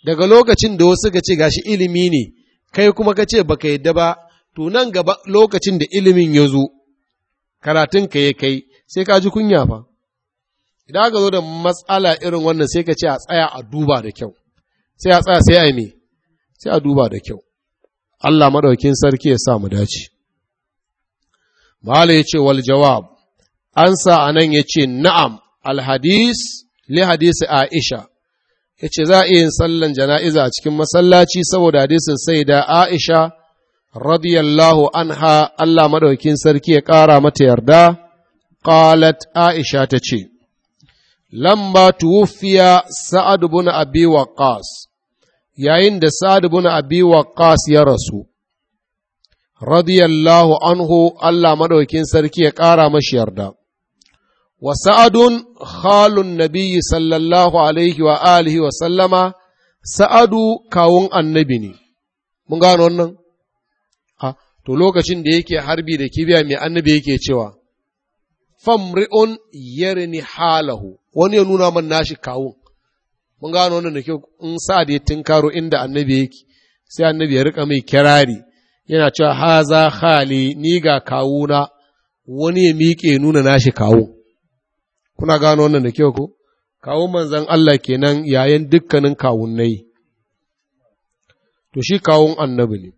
daga lokacin da wasu ka ce gashi ilimi ne kai kuma ka ce baka yadda ba to nan gaba lokacin da ilimin ya zo karatun ka ya kai sai ka ji kunya fa idan aka zo da matsala irin wannan sai ka ce a tsaya a duba da kyau sai a tsaya sai a me sai a duba da kyau Allah madaukin sarki ya sa mu dace Mahala ya wal jawab ansa sa a nan ya ce na'am li hadisi Aisha yace za a iya yin sallan jana'iza a cikin masallaci saboda hadisin sayyida Aisha radiyallahu anha Allah madaukin sarki ya ƙara mata yarda ƙalat Aisha ta ce lamma tuwfiya Sa'ad buna Abi Waqqas yayin da Sa'ad buna Abi Waqqas ya rasu radiyallahu anhu Allah madaukin sarki ya ƙara mashi yarda wa sa'adun khalun nabiyyi sallallahu alaihi wa alihi wa sallama sa'adu kawun annabi ne mun gano wannan to lokacin da yake harbi da kibiya mai annabi yake cewa famri'un ni halahu wani ya nuna man nashi kawun mun gano wannan da kyau in sa da ya tinkaro inda annabi yake sai annabi ya rika mai kirari yana cewa haza hali ni ga kawuna wani ya miƙe nuna nashi kawun kuna gano wannan da kyau ko kawun manzan Allah kenan yayin dukkanin kawunnai to shi kawun annabi ne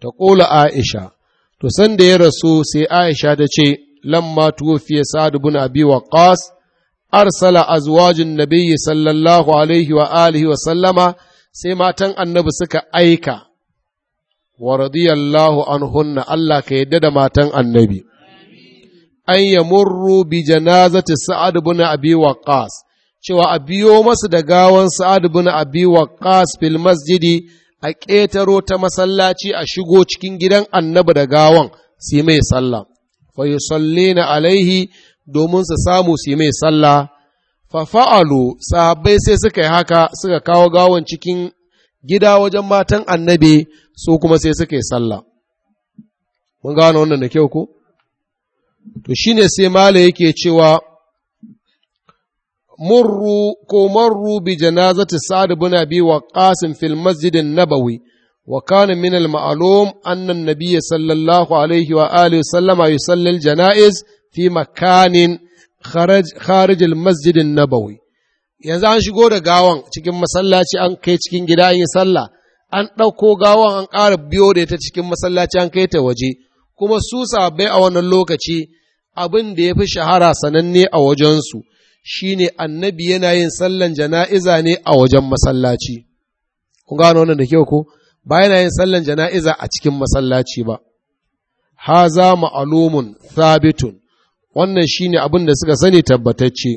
ta ƙola Aisha, to sanda ya rasu sai Aisha ta ce, lamma tuwafiya Sa'ad bin Abi Waqqas arsala azwajin nabiyyi sallallahu alaihi wa alihi wa sallama sai matan annabi suka aika wa radiyallahu anhunna Allah ka yadda da matan annabi an yamurru bi janazati Sa'ad bin wa ƙas. cewa a biyo masu da gawan Sa'ad bin wa ƙas fil masjidi a ƙetaro ta masallaci a shigo cikin gidan annabi da gawan su mai sallah fa na alaihi domin su samu su mai sallah fa fa'alu sahabbai sai suka yi haka suka kawo gawan cikin gida wajen matan annabi su kuma sai suka yi sallah mun gano wannan da kyau ko to shine sai mala yake cewa murru ko marru bi janazati sa'ad ibn abi waqqas fil masjid an-nabawi wa kana min al-ma'lum anna an-nabiy sallallahu alayhi wa alihi sallama yusalli al fi nabawi yanzu an shigo da gawan cikin masallaci an kai cikin gida an yi sallah an ɗauko gawan an ƙara biyo da ta cikin masallaci an kai ta waje kuma su sabai a wannan lokaci abin da ya fi shahara sananne a wajensu shine annabi yana yin sallan jana'iza ne a wajen masallaci kun gano wannan da kyau ko ba yana yin sallan jana'iza a cikin masallaci ba Ha za ma'alumun thabitun wannan shine abin da suka sani tabbatacce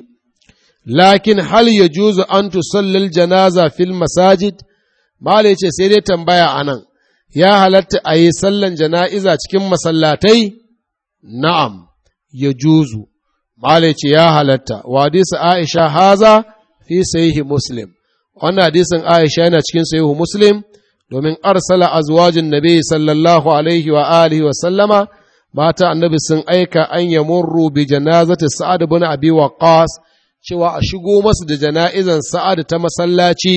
lakin hal ya juzu an tu sallar janaza fil masajid malai ce sai dai tambaya anan ya halatta a yi sallan jana'iza cikin masallatai na'am ya juzu mala ce ya halatta wa hadisi aisha haza fi sahihi muslim wannan hadisin aisha yana cikin sahihi muslim domin arsala azwajin nabi sallallahu alaihi wa alihi wa sallama mata annabi sun aika an yamurru bi janazati sa'ad ibn abi waqas cewa a shigo masu da jana'izan sa'ad ta masallaci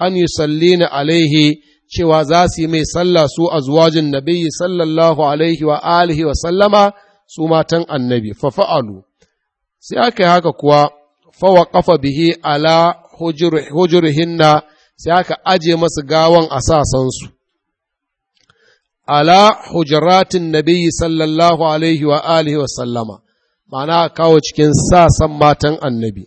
an yusallina alaihi cewa za su yi mai sallah su azwajin nabi sallallahu alaihi wa alihi wa sallama su matan annabi fa fa'alu sai aka yi haka kuwa fawa ƙafa bihi ala hujurihinna sai aka aje masu gawan a sasansu ala hujaratin nabiyyi sallallahu alaihi wa alihi wa sallama ma'ana kawo cikin sasan matan annabi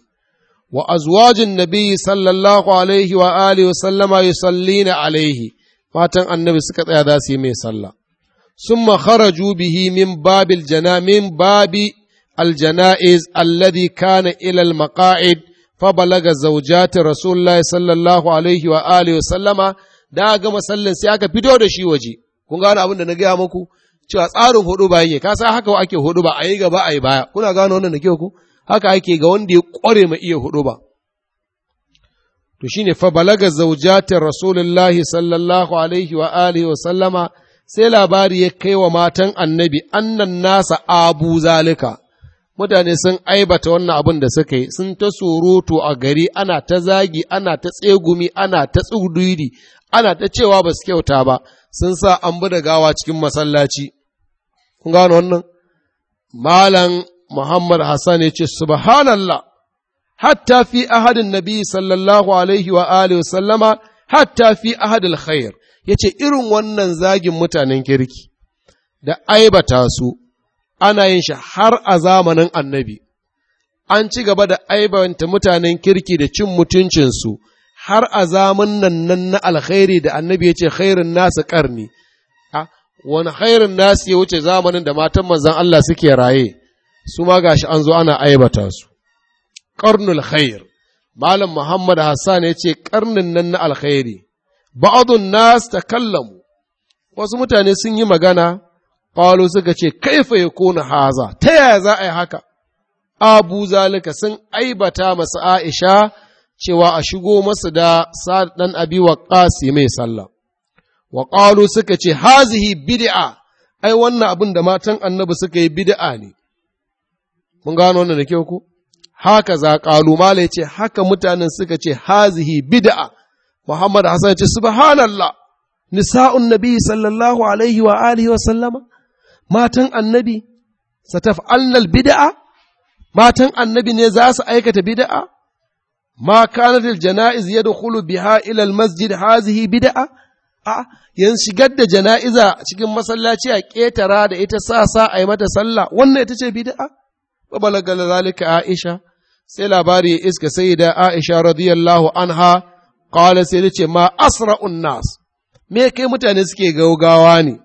wa azwajin nabiyyi sallallahu alaihi wa alihi wa sallama yusallina alaihi matan annabi suka tsaya za su yi mai sallah summa kharaju bihi min babil jana min babi الجنائز الذي كان إلى المقاعد فبلغ زوجات رسول الله صلى الله عليه وآله وسلم da gama sallan sai aka fito da shi waje kun gano abin da na gaya maku? cewa tsarin hudu ba yake Kasa san haka ake hudu ba a yi gaba a yi baya kuna gano wannan da kyau ku haka ake ga wanda ya kware ma iya hudu ba to shine fa balaga zawjatin rasulullahi sallallahu alaihi wa wa sallama sai labari ya kai wa matan annabi annan nasa abu zalika mutane sun aibata wannan abin da suka yi sun ta surutu a gari ana ta zagi ana ta tsegumi ana ta tsuduri ana ta cewa ba su kyauta ba sun sa an bi da gawa cikin masallaci kun gano wannan malam muhammad hassan ya ce subhanallah hatta fi ahadin nabi sallallahu alaihi wa alihi sallama hatta fi ahadil khair yace irin wannan zagin mutanen kirki da aibata su ana yin shi har a zamanin annabi, an ci gaba da aibanta mutanen kirki da cin mutuncinsu har a zamanin nan na alkhairi da annabi ya ce khairin nasu karni. Wani khairin nasu ya wuce zamanin da matan manzan Allah suke raye, su ma gashi an zo ana aibata su. Ƙarnul khair, Malam Muhammad Hassan ya ce karnin nan na alkhairi, ba'adun nasu ta kallamu, wasu mutane sun yi magana Ƙwalo suka ce, Kaifa ya kona haza, ta yaya za a yi haka? Abu zalika sun aibata masu Aisha cewa a shigo masu da sa'ad abi wa ƙasi mai sallah. Wa ƙwalo suka ce, Hazihi bid'a, ai wannan abin da matan annabi suka yi bid'a ne. Mun gano wannan da kyau ko? Haka za ƙalu mala ya ce, haka mutanen suka ce, Hazihi bid'a. Muhammad Hassan ya ce, Subhanallah, nisa'un nabi sallallahu alaihi wa alihi wa sallama. matan annabi sataf bid'a matan annabi ne za su aikata bid'a ma kanat al janaiz yadkhulu biha ila almasjid masjid hazihi bid'a a yan shigar da jana'iza cikin masallaci a ƙetara da ita sa sa a yi mata sallah wannan ita ce bid'a ba balagal zalika aisha sai labari ya iska sai aisha radiyallahu anha qala sai ce ma asra'un nas me kai mutane suke gaugawa ne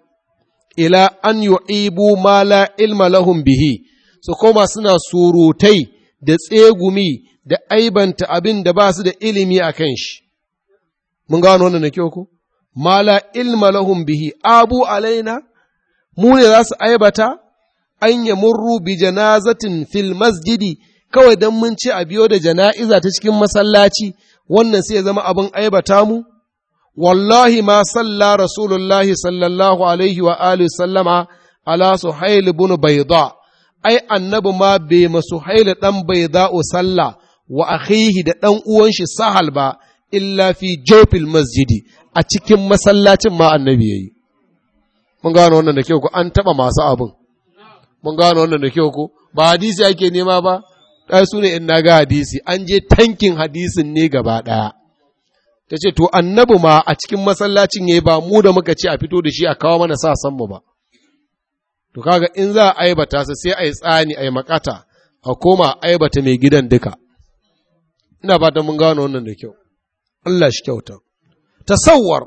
ila an yu'ibu ma la ilma lahum bihi su koma suna surutai da tsegumi da aibanta abin da ba su da ilimi a kan shi mun gano wannan kyau ko ma la ilma lahum bihi abu alaina mu ne za su aibata an yamurru bi janazatin fil masjidi kawai dan mun ci a biyo da jana'iza ta cikin masallaci wannan sai ya zama abin aibata mu wallahi ma salla rasulullahi sallallahu alaihi wa sallama ala suhail ibn bayda ai annabi ma bai ma suhail dan bayda o salla wa akhihi da dan uwan sahal ba illa fi jofil masjidi a cikin masallacin ma annabi yayi mun gano wannan da kyau ko an taba masu abin mun gano wannan da kyau ko ba hadisi ake nema ba ɗaya su in na ga hadisi an je tankin hadisin ne gaba ɗaya ta ce to annabi ma a cikin masallacin yayi ba mu da muka ce a fito da shi a kawo mana sa san mu ba to kaga in za a aibata sa sai a yi tsani a yi makata a koma aibata mai gidan duka ina fatan mun gano wannan da kyau Allah shi kyauta tasawwar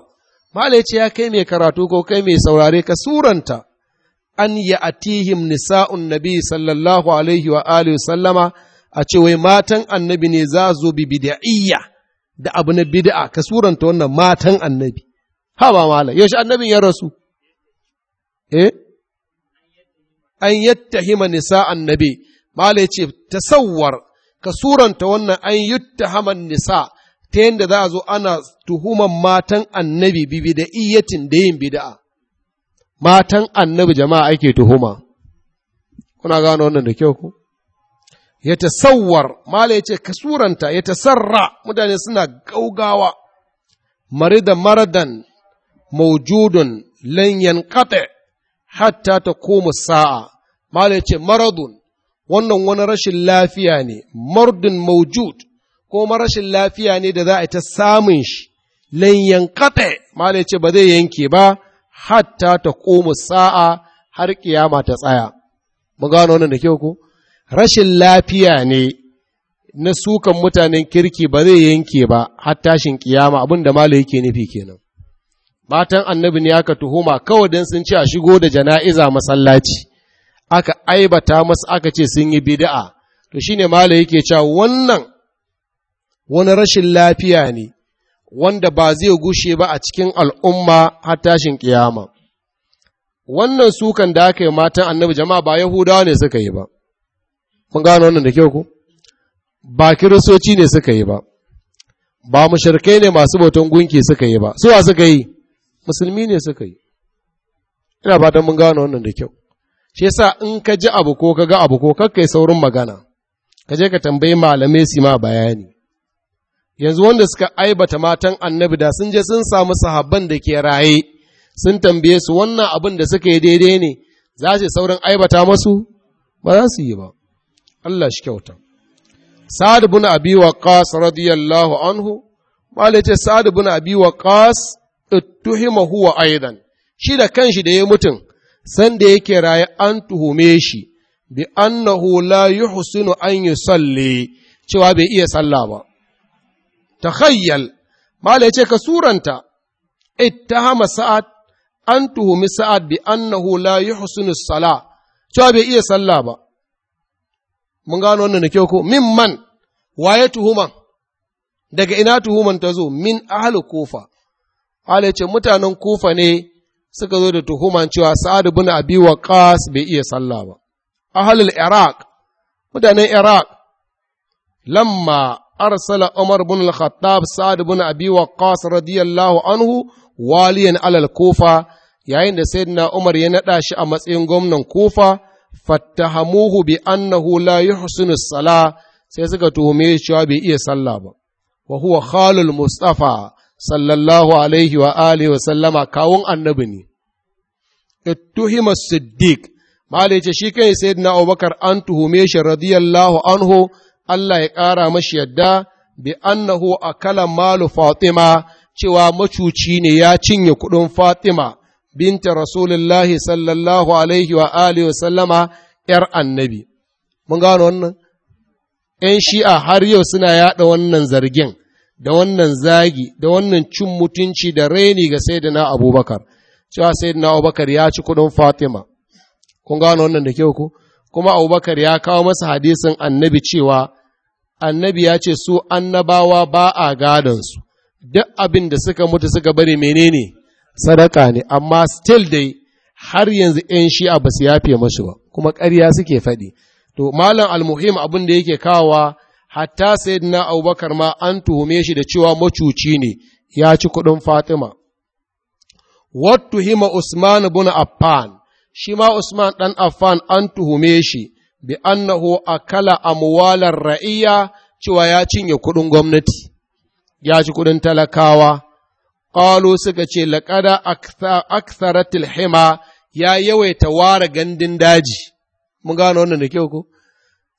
mala ce ya kai mai karatu ko kai mai saurare ka suranta an ya atihim nisa'un nabi sallallahu alaihi wa alihi sallama a ce wai matan annabi ne za zo bi da abu na bid'a ka suranta wannan matan annabi ha ba malam yaushe annabin ya rasu eh an yattahima nisa annabi malam yace tasawwar ka suranta wannan an yattahama nisa ta yadda za a zo ana tuhuman matan annabi bibi da iyatin da yin bida'a matan annabi jama'a ake tuhuma kuna gano wannan da kyau ko? ya tasawwar mala ya ce ka suranta ya tasarra mutane suna gaugawa marida maradan maujudun lanyan kate, hatta ta koma sa'a mala ya ce maradun wannan wani rashin lafiya ne mardun maujud ko rashin lafiya ne da za a ta samun shi lanyan kate, mala ya ce ba zai yanke ba hatta ta koma sa'a har ƙiyama ta tsaya Mu gano wannan da kyau ko rashin lafiya ne na sukan mutanen kirki ba zai yanke ba har tashin kiyama abin da yake nufi kenan matan annabi ne aka tuhuma kawai don sun ce a shigo da jana'iza masallaci aka aibata masu aka ce sun yi bida'a to shine malo yake cewa wannan wani rashin lafiya ne wanda ba zai gushe ba a cikin al'umma har tashin kiyama wannan sukan da aka yi matan annabi jama'a ba yahudawa ne suka yi ba mun gano wannan da kyau ko ba kiristoci ne suka yi ba ba mushrikai ne masu bautan gunki suka yi ba suwa suka yi musulmi ne suka yi ina fatan mun gano wannan da kyau shi yasa in ka ji abu ko ka ga abu ko yi saurin magana ka je ka tambayi malamai su ma bayani yanzu wanda suka aibata matan annabi da sun je sun samu sahabban da ke raye sun tambaye su wannan abin da suka yi daidai ne za su saurin aibata masu ba za su yi ba Allah shi kyauta Sa'ad bin Abi Waqqas radiyallahu anhu mala ce Sa'ad bin Abi Waqqas ittuhima huwa aidan shi da kanshi da ya mutum, san da yake raye an tuhume shi bi annahu la yuhsinu an yusalli cewa bai iya sallah ba takhayyal mala ce ka suranta ittahama sa'ad an tuhumi sa'ad bi annahu la yuhsinu sala cewa bai iya sallah ba mun gano wannan da kyau ko min man waye tuhuman daga ina tuhuman ta zo min ahli kufa ala ce mutanen kufa ne suka zo da tuhuman cewa sa'ad bin abi waqas bai iya sallah ba ahli iraq mutanen iraq lamma arsala umar bin al-khattab sa'ad bin abi waqas radiyallahu anhu waliyan alal kufa yayin da sayyidina umar ya nada shi a matsayin gwamnan kufa fattahamuhu bi annahu la yuhsinu sala sai suka tuhume shi cewa bai iya sallah ba wa huwa khalul mustafa sallallahu alaihi wa alihi wa sallama kawun annabi ne ittuhima siddiq malai ce shi kai sayyidina abubakar an tuhume shi radiyallahu anhu Allah ya ƙara mashi yadda bi annahu akala malu fatima cewa macuci ne ya cinye kuɗin fatima binta rasulullahi sallallahu alaihi wa alihi wa sallama ‘yar annabi. Mun gano wannan? ‘Yan shi'a har yau suna yaɗa wannan zargin, da wannan zagi, da wannan cin mutunci da raini ga Sayyidina Abubakar, cewa Sayyidina Abubakar ya ci kuɗin Fatima. Kun gano wannan da kyau ku? Kuma Abubakar ya kawo masa hadisin annabi cewa, annabi ya ce su annabawa ba a gadonsu, duk abin da suka mutu suka bari menene sadaka ne amma still dai har yanzu 'yan shi'a ba su yafe masu ba kuma ƙarya suke faɗi to malam almuhim abin da yake kawa hatta sayyidina abubakar ma an tuhume shi da cewa macuci ne ya ci kuɗin fatima wattu hima usman bin affan shi ma usman ɗan affan an tuhume shi bi annahu akala amwalar ra'iyya, cewa ya cinye kuɗin gwamnati ya ci kuɗin talakawa ƙalo suka ce laƙada aktharatil hima ya yawaita ware gandun daji, mun gano wannan da kyau ko?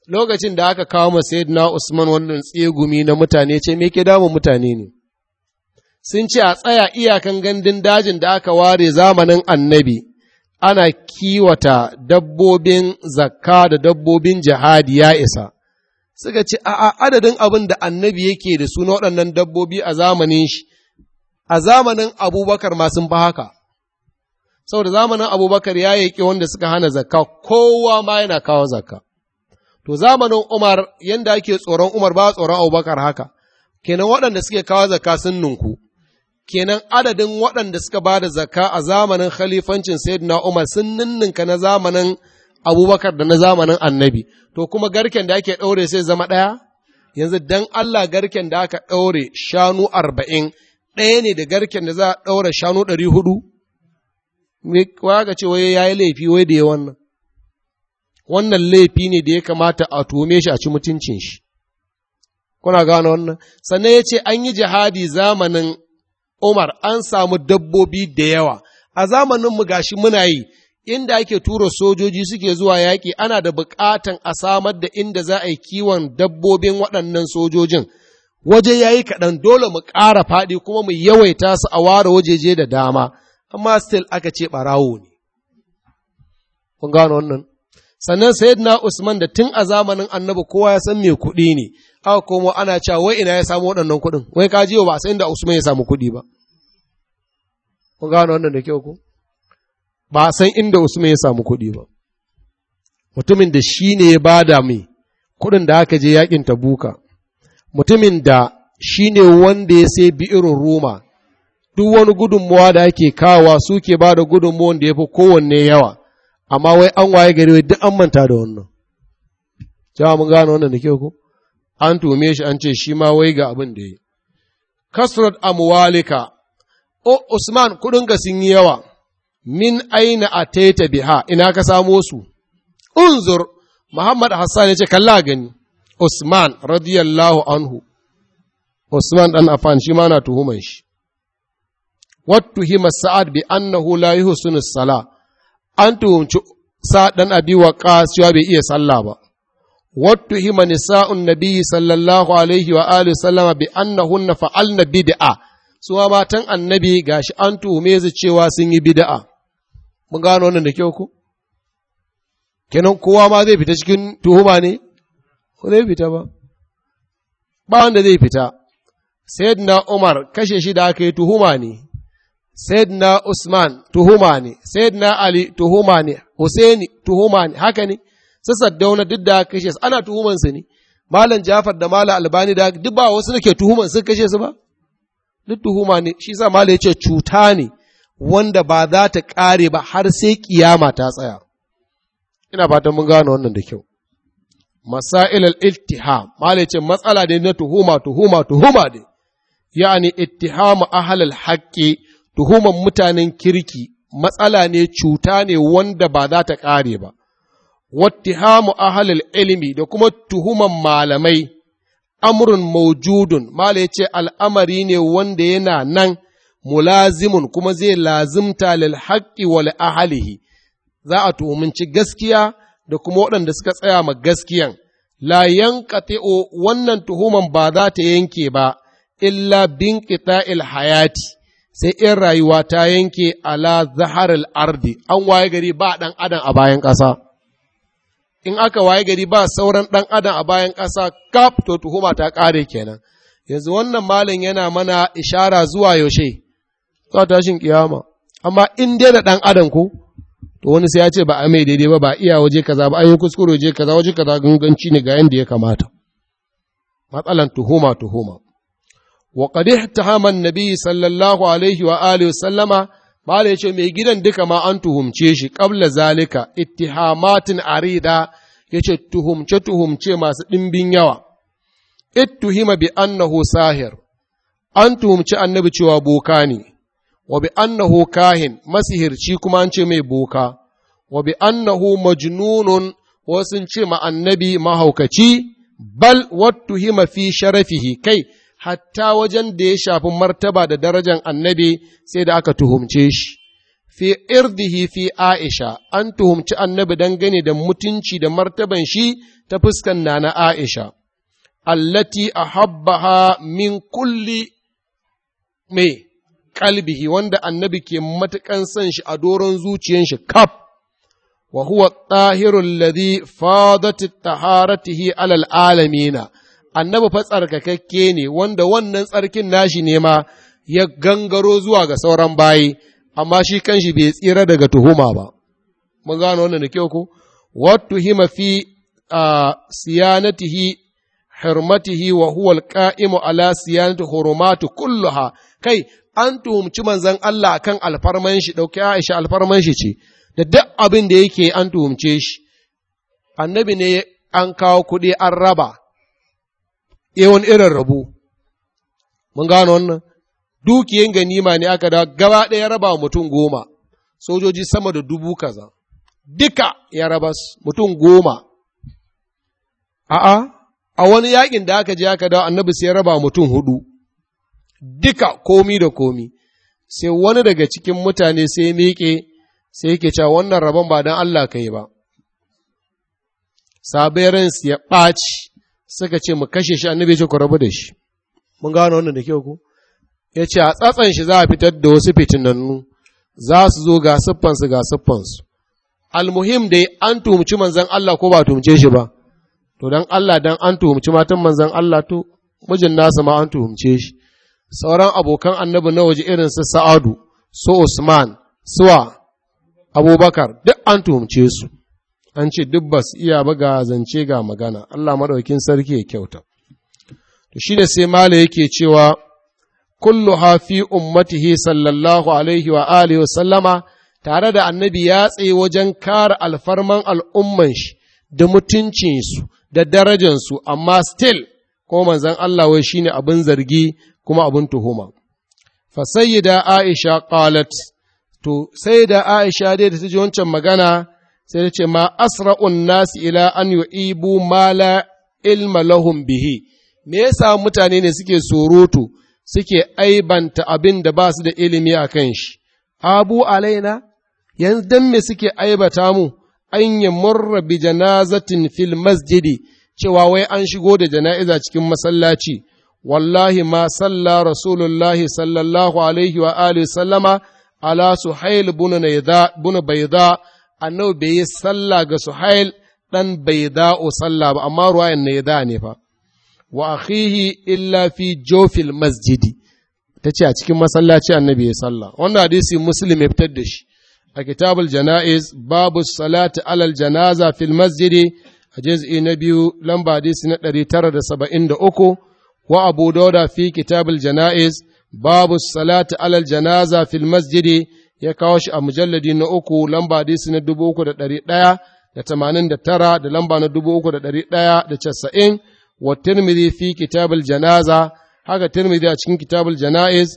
Lokacin da aka kawo masa Sayyidina Usman wannan tsegumi na mutane ce, me ke damun mutane ne? Sun ce a tsaya iyakan gandun dajin da aka ware zamanin annabi, ana kiwata dabbobin zakka da dabbobin jihadi ya isa. Suka ce, a adadin abin da annabi yake da su na waɗannan dabbobi a zamanin shi, a zamanin abubakar ma sun fi haka saboda zamanin abubakar ya yaƙi wanda suka hana zakka kowa ma yana kawo zakka to zamanin umar yadda ake tsoron umar ba tsoron abubakar haka kenan waɗanda suke kawo zakka sun ninku kenan adadin waɗanda suka ba da zakka a zamanin khalifancin sayyidina umar sun ninninka na zamanin abubakar da na zamanin annabi to kuma garken da ake ɗaure sai zama ɗaya yanzu don Allah garken da aka ɗaure shanu arba'in ɗaya ne da garken da za a ɗaura shanu ɗari hudu, waka ce wai ya yi laifi wai da ya wannan. Wannan laifi ne da ya kamata a tome shi a ci mutuncin shi. Kuna gane wannan? Sannan ya ce an yi jihadi zamanin Umar an samu dabbobi da yawa. A zamaninmu gashi muna yi, inda ake tura sojoji suke zuwa yaƙi ana da buƙatan a samar da inda za a yi kiwon dabbobin waɗannan sojojin. waje ya yi kaɗan dole mu ƙara faɗi kuma mu yawaita su a ware wajeje da dama, amma still aka ce ɓarawo ne. Kun gano wannan? Sannan Sayyidina Usman da tun a zamanin annabi kowa ya san me kuɗi ne, aka komo ana cewa wai ina ya samu waɗannan kuɗin, wai ka ji ba a san da Usman ya samu kuɗi ba. Kun gano wannan da kyau ko? Ba a san inda Usman ya samu kuɗi ba. Mutumin da shi ne ya bada mai kuɗin da aka je yakin Tabuka. buka. mutumin da shi ne wanda ya sai bi irin ruma, duk wani gudunmawa da ake kawa suke ba da gudunmawan da ya fi kowanne yawa, amma wai an waye gari wai duk an manta da wannan. Cewa mun gano wannan da ke ku? An tume shi an ce shi ma wai ga abin da ya yi. Kasrat amwalika, o Usman kudin ka sun yi yawa, min aina a taita biha, ina ka samo su. Unzur, Muhammad Hassan ya ce, kalla gani. Usman radiyallahu anhu Usman dan afan shi ma na tuhuman shi wattu hima sa'ad bi annahu la yuhsinu sala an tuhumci sa'ad dan abi wa cewa bai iya sallah ba wattu hima nisa'un nabiyyi sallallahu alaihi wa alihi sallama bi annahunna fa'alna bid'a suwa matan annabi gashi an tuhume su cewa sun yi bid'a mun gano wannan da kyau ku kenan kowa ma zai fita cikin tuhuma ne ko zai fita ba ba wanda zai fita sayyidina umar kashe shi da aka yi tuhuma ne sayyidina usman tuhuma ne sayyidina ali tuhuma ne husaini tuhuma ne haka ne sassan dauna duk da kashe su ana tuhuman su ne malam jafar da malam albani da duk ba wasu nake tuhuman sun kashe su ba duk tuhuma ne shi sa malam ce cuta ne wanda ba za ta kare ba har sai kiyama ta tsaya ina fatan mun gano wannan da kyau masail al-ittiham ce matsala ne na tuhuma tuhuma tuhuma ne yani ittiham ahl al-haqqi tuhuman mutanen kirki matsala ne cuta ne wanda ba za ta kare ba wattihamu ahl al-ilmi da kuma tuhuman malamai amrun mawjudun ce al'amari ne wanda yana nan mulazimun kuma zai lazimta lil haqqi wal ahlihi za a tuhuminci gaskiya da kuma waɗanda suka tsaya ma gaskiyan, la yanka yanqati'u wannan tuhuman ba za ta yanke ba, illa bin qita'il hayati, sai in rayuwa ta yanke ala zaharil ardi, an waye gari ba ɗan adam a bayan ƙasa. In aka waye gari ba sauran ɗan adam a bayan ƙasa, kaf to tuhuma ta ƙare kenan. Yanzu wannan malin yana mana ishara zuwa yaushe, Za ta tashin kiyama, amma in dai da ɗan adam ko, to wani sai ya ce ba a mai daidai ba ba iya waje kaza ba an yi kuskure waje kaza waje kaza ganganci ne ga yanda ya kamata matsalan tuhuma tuhuma wa qad ihtahama an-nabi sallallahu alaihi wa alihi sallama bala yace mai gidan duka ma an tuhumce shi qabla zalika ittihamatin arida yace tuhumce tuhumce masu dimbin yawa ittuhima bi annahu sahir an tuhumci annabi cewa boka ne wa bi annahu kahin masihirci kuma an ce mai boka wa bi annahu majnunun sun ce ma annabi mahaukaci bal wattuhima fi sharafihi kai hatta wajen da ya shafi martaba da darajan annabi sai da aka tuhumce shi fi irdihi fi aisha an tuhumci annabi dangane da mutunci da martaban shi ta fuskan nana aisha allati ahabbaha min kulli me qalbihi wanda annabi ke matukan san shi a doron zuciyan shi kaf wa huwa at-tahiru alladhi fadat taharatihi alal alamina annabi fa tsarkakakke ne wanda wannan tsarkin nashi ne ma ya gangaro zuwa ga sauran bayi amma shi kanshi bai tsira daga tuhuma ba mun gano wannan da kyau ko wattu hima fi siyanatihi wa huwa alqa'imu ala siyanati حرمات كلها kai an tuhumci manzan Allah kan alfarman shi ɗauki Aisha alfarman shi ce da duk abin da yake an tuhumce shi annabi ne an kawo kuɗi an raba wani irin rabu mun gano wannan dukiyan ganima ne aka da gaba ɗaya raba mutum goma sojoji sama da dubu kaza duka ya raba mutum goma a'a a wani yakin da aka je aka da annabi sai ya raba mutum hudu duka komi da komi sai wani daga cikin mutane sai miƙe sai yake cewa wannan rabon ba don Allah ka yi ba sabayaransu ya ɓaci suka ce mu kashe shi annabi ce ku rabu da shi mun gano wannan da kyau ku ya ce a tsatsan shi za a fitar da wasu fitinannu za su zo ga siffansu ga siffansu almuhim dai an tumci manzan Allah ko ba tuhumce shi ba to dan Allah dan an tumci matan manzan Allah to mijin nasa ma an tuhumce shi sauran abokan annabi na waje irin su sa'adu su usman suwa abubakar duk an tuhumce su an ce duk su iya baga zance ga magana Allah maɗaukin sarki ya kyauta to shi ne sai mala yake cewa kullu hafi ummatihi sallallahu alaihi wa alihi wa sallama tare da annabi ya tsaye wajen kara alfarman al'umman shi da mutuncinsu da darajansu amma still ko manzan Allah wai shine abin zargi kuma abin tuhuma da aisha ƙalat, to sai da aisha dai da ta ji wancan magana sai ta ce ma asra'un nasi ila an yu'ibu ibu mala ilma lahum bihi me yasa mutane ne suke surutu suke aibanta abin da ba su da ilimi a kan shi abu alaina yanzu dan me suke aibata mu an yi murra bi janazatin fil masjidi cewa wai an shigo da jana'iza cikin masallaci wallahi ma salla rasulullahi sallallahu alaihi wa alihi sallama ala suhail bunu baida annabi bai yi salla ga suhail ɗan baida o salla ba amma ruwayan na yada ne fa wa akhihi illa fi jofil masjidi ta ce a cikin masallaci annabi ya salla wannan hadisi muslim ya fitar da shi a kitabul jana'iz babu salati alal janaza fil masjidi a juz'i na biyu lamba hadisi na 973 wa abu dauda fi kitabul jana'iz babu salati alal janaza fil masjidi ya kawo shi a mujalladi na uku lamba hadisi na dubu uku da ɗari ɗaya da tamanin da tara da lamba na dubu uku da ɗari ɗaya da casa'in wa tirmidhi fi kitabul janaza haka tirmidhi a cikin kitabul jana'iz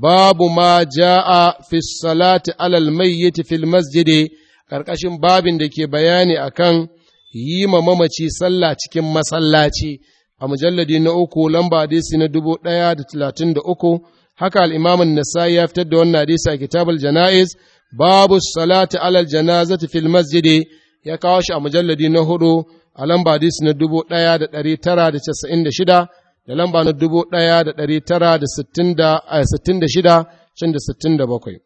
babu ma ja'a fi salati alal mayyit fil masjidi ƙarƙashin babin da ke bayani akan yi ma mamaci sallah cikin masallaci a mujalladi na uku lamba hadisi na dubu ɗaya da talatin da uku haka al'imamin nasa'i ya fitar da wannan hadisi a kitabul jana'iz babu salati alal janazati fil masjidi ya kawo shi a mujalladi na hudu a lamba hadisi na dubu ɗaya da ɗari tara da casa'in da shida da lamba na dubu ɗaya da ɗari tara da sittin da eh, sittin da shida cin da sittin da bakwai.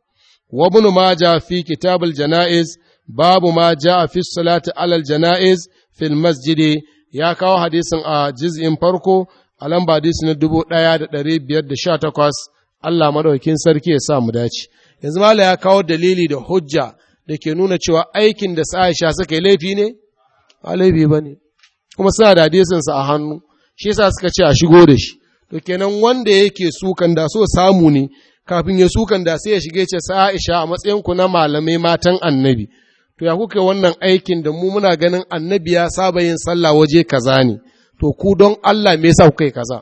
Wa bunu ma ja fi kitabul jana'iz babu ma ja fi salati alal jana'iz fil masjidi ya kawo hadisin a jiz'in farko a lamba hadisi na dubu ɗaya da ɗari biyar da sha takwas Allah madaukin sarki ya sa mu dace yanzu mala ya kawo dalili da hujja da ke nuna cewa aikin da Aisha suka yi laifi ne ba laifi ba ne kuma suna da sa a hannu shi yasa suka ce a shigo da shi to kenan wanda yake sukan da so samu ne kafin ya sukan da sai ya shige ce Aisha a matsayin ku na malamai matan annabi to ya kuka wannan aikin da mu muna ganin annabi ya saba yin sallah waje kaza ne to ku don Allah me yasa kuka yi kaza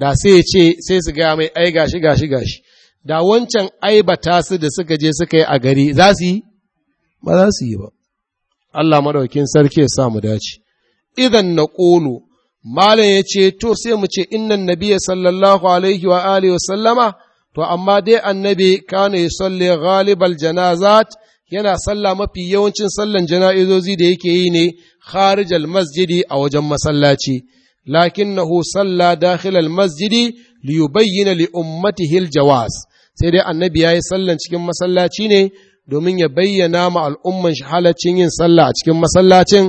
da sai ya ce sai su ga mai ai gashi gashi gashi da wancan ai bata su da suka je suka yi a gari za su yi ba za su yi ba Allah madaukin sarki ya sa mu dace idan na ƙolo malam ya ce to sai mu ce innan nabiya sallallahu alaihi wa alihi wa sallama to amma dai annabi kana yusalli ghalibal janazat yana sallah mafi yawancin sallan jana'izozi da yake yi ne kharijal masjidi a wajen masallaci nahu sallah dakhilal masjidi li yubayyana li ummatihi aljawaz sai dai annabi yayi sallan cikin masallaci ne domin ya bayyana ma al'umman shi halaccin yin sallah a cikin masallacin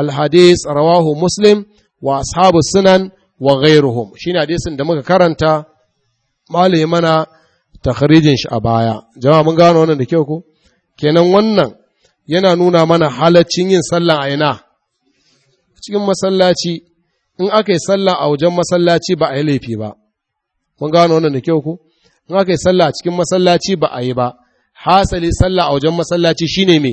alhadis rawahu muslim wa ashabu sunan wa ghairuhum shine hadisin da muka karanta malami mana takhrijin shi a baya jama'a mun gano wannan da kyau ko kenan wannan yana nuna mana halaccin yin sallah a ina cikin masallaci in aka yi sallah a wajen masallaci ba a yi laifi ba mun gano wannan da kyau ku in aka yi sallah a cikin masallaci ba a yi ba hasali sallah a wajen masallaci shine me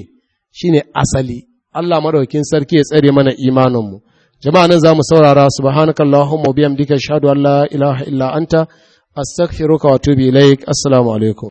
shine asali Allah madaukin sarki ya tsare mana imanin mu jama'a nan zamu saurara subhanakallahumma wa bihamdika ashhadu an la ilaha illa anta astaghfiruka wa atubu ilaik assalamu alaikum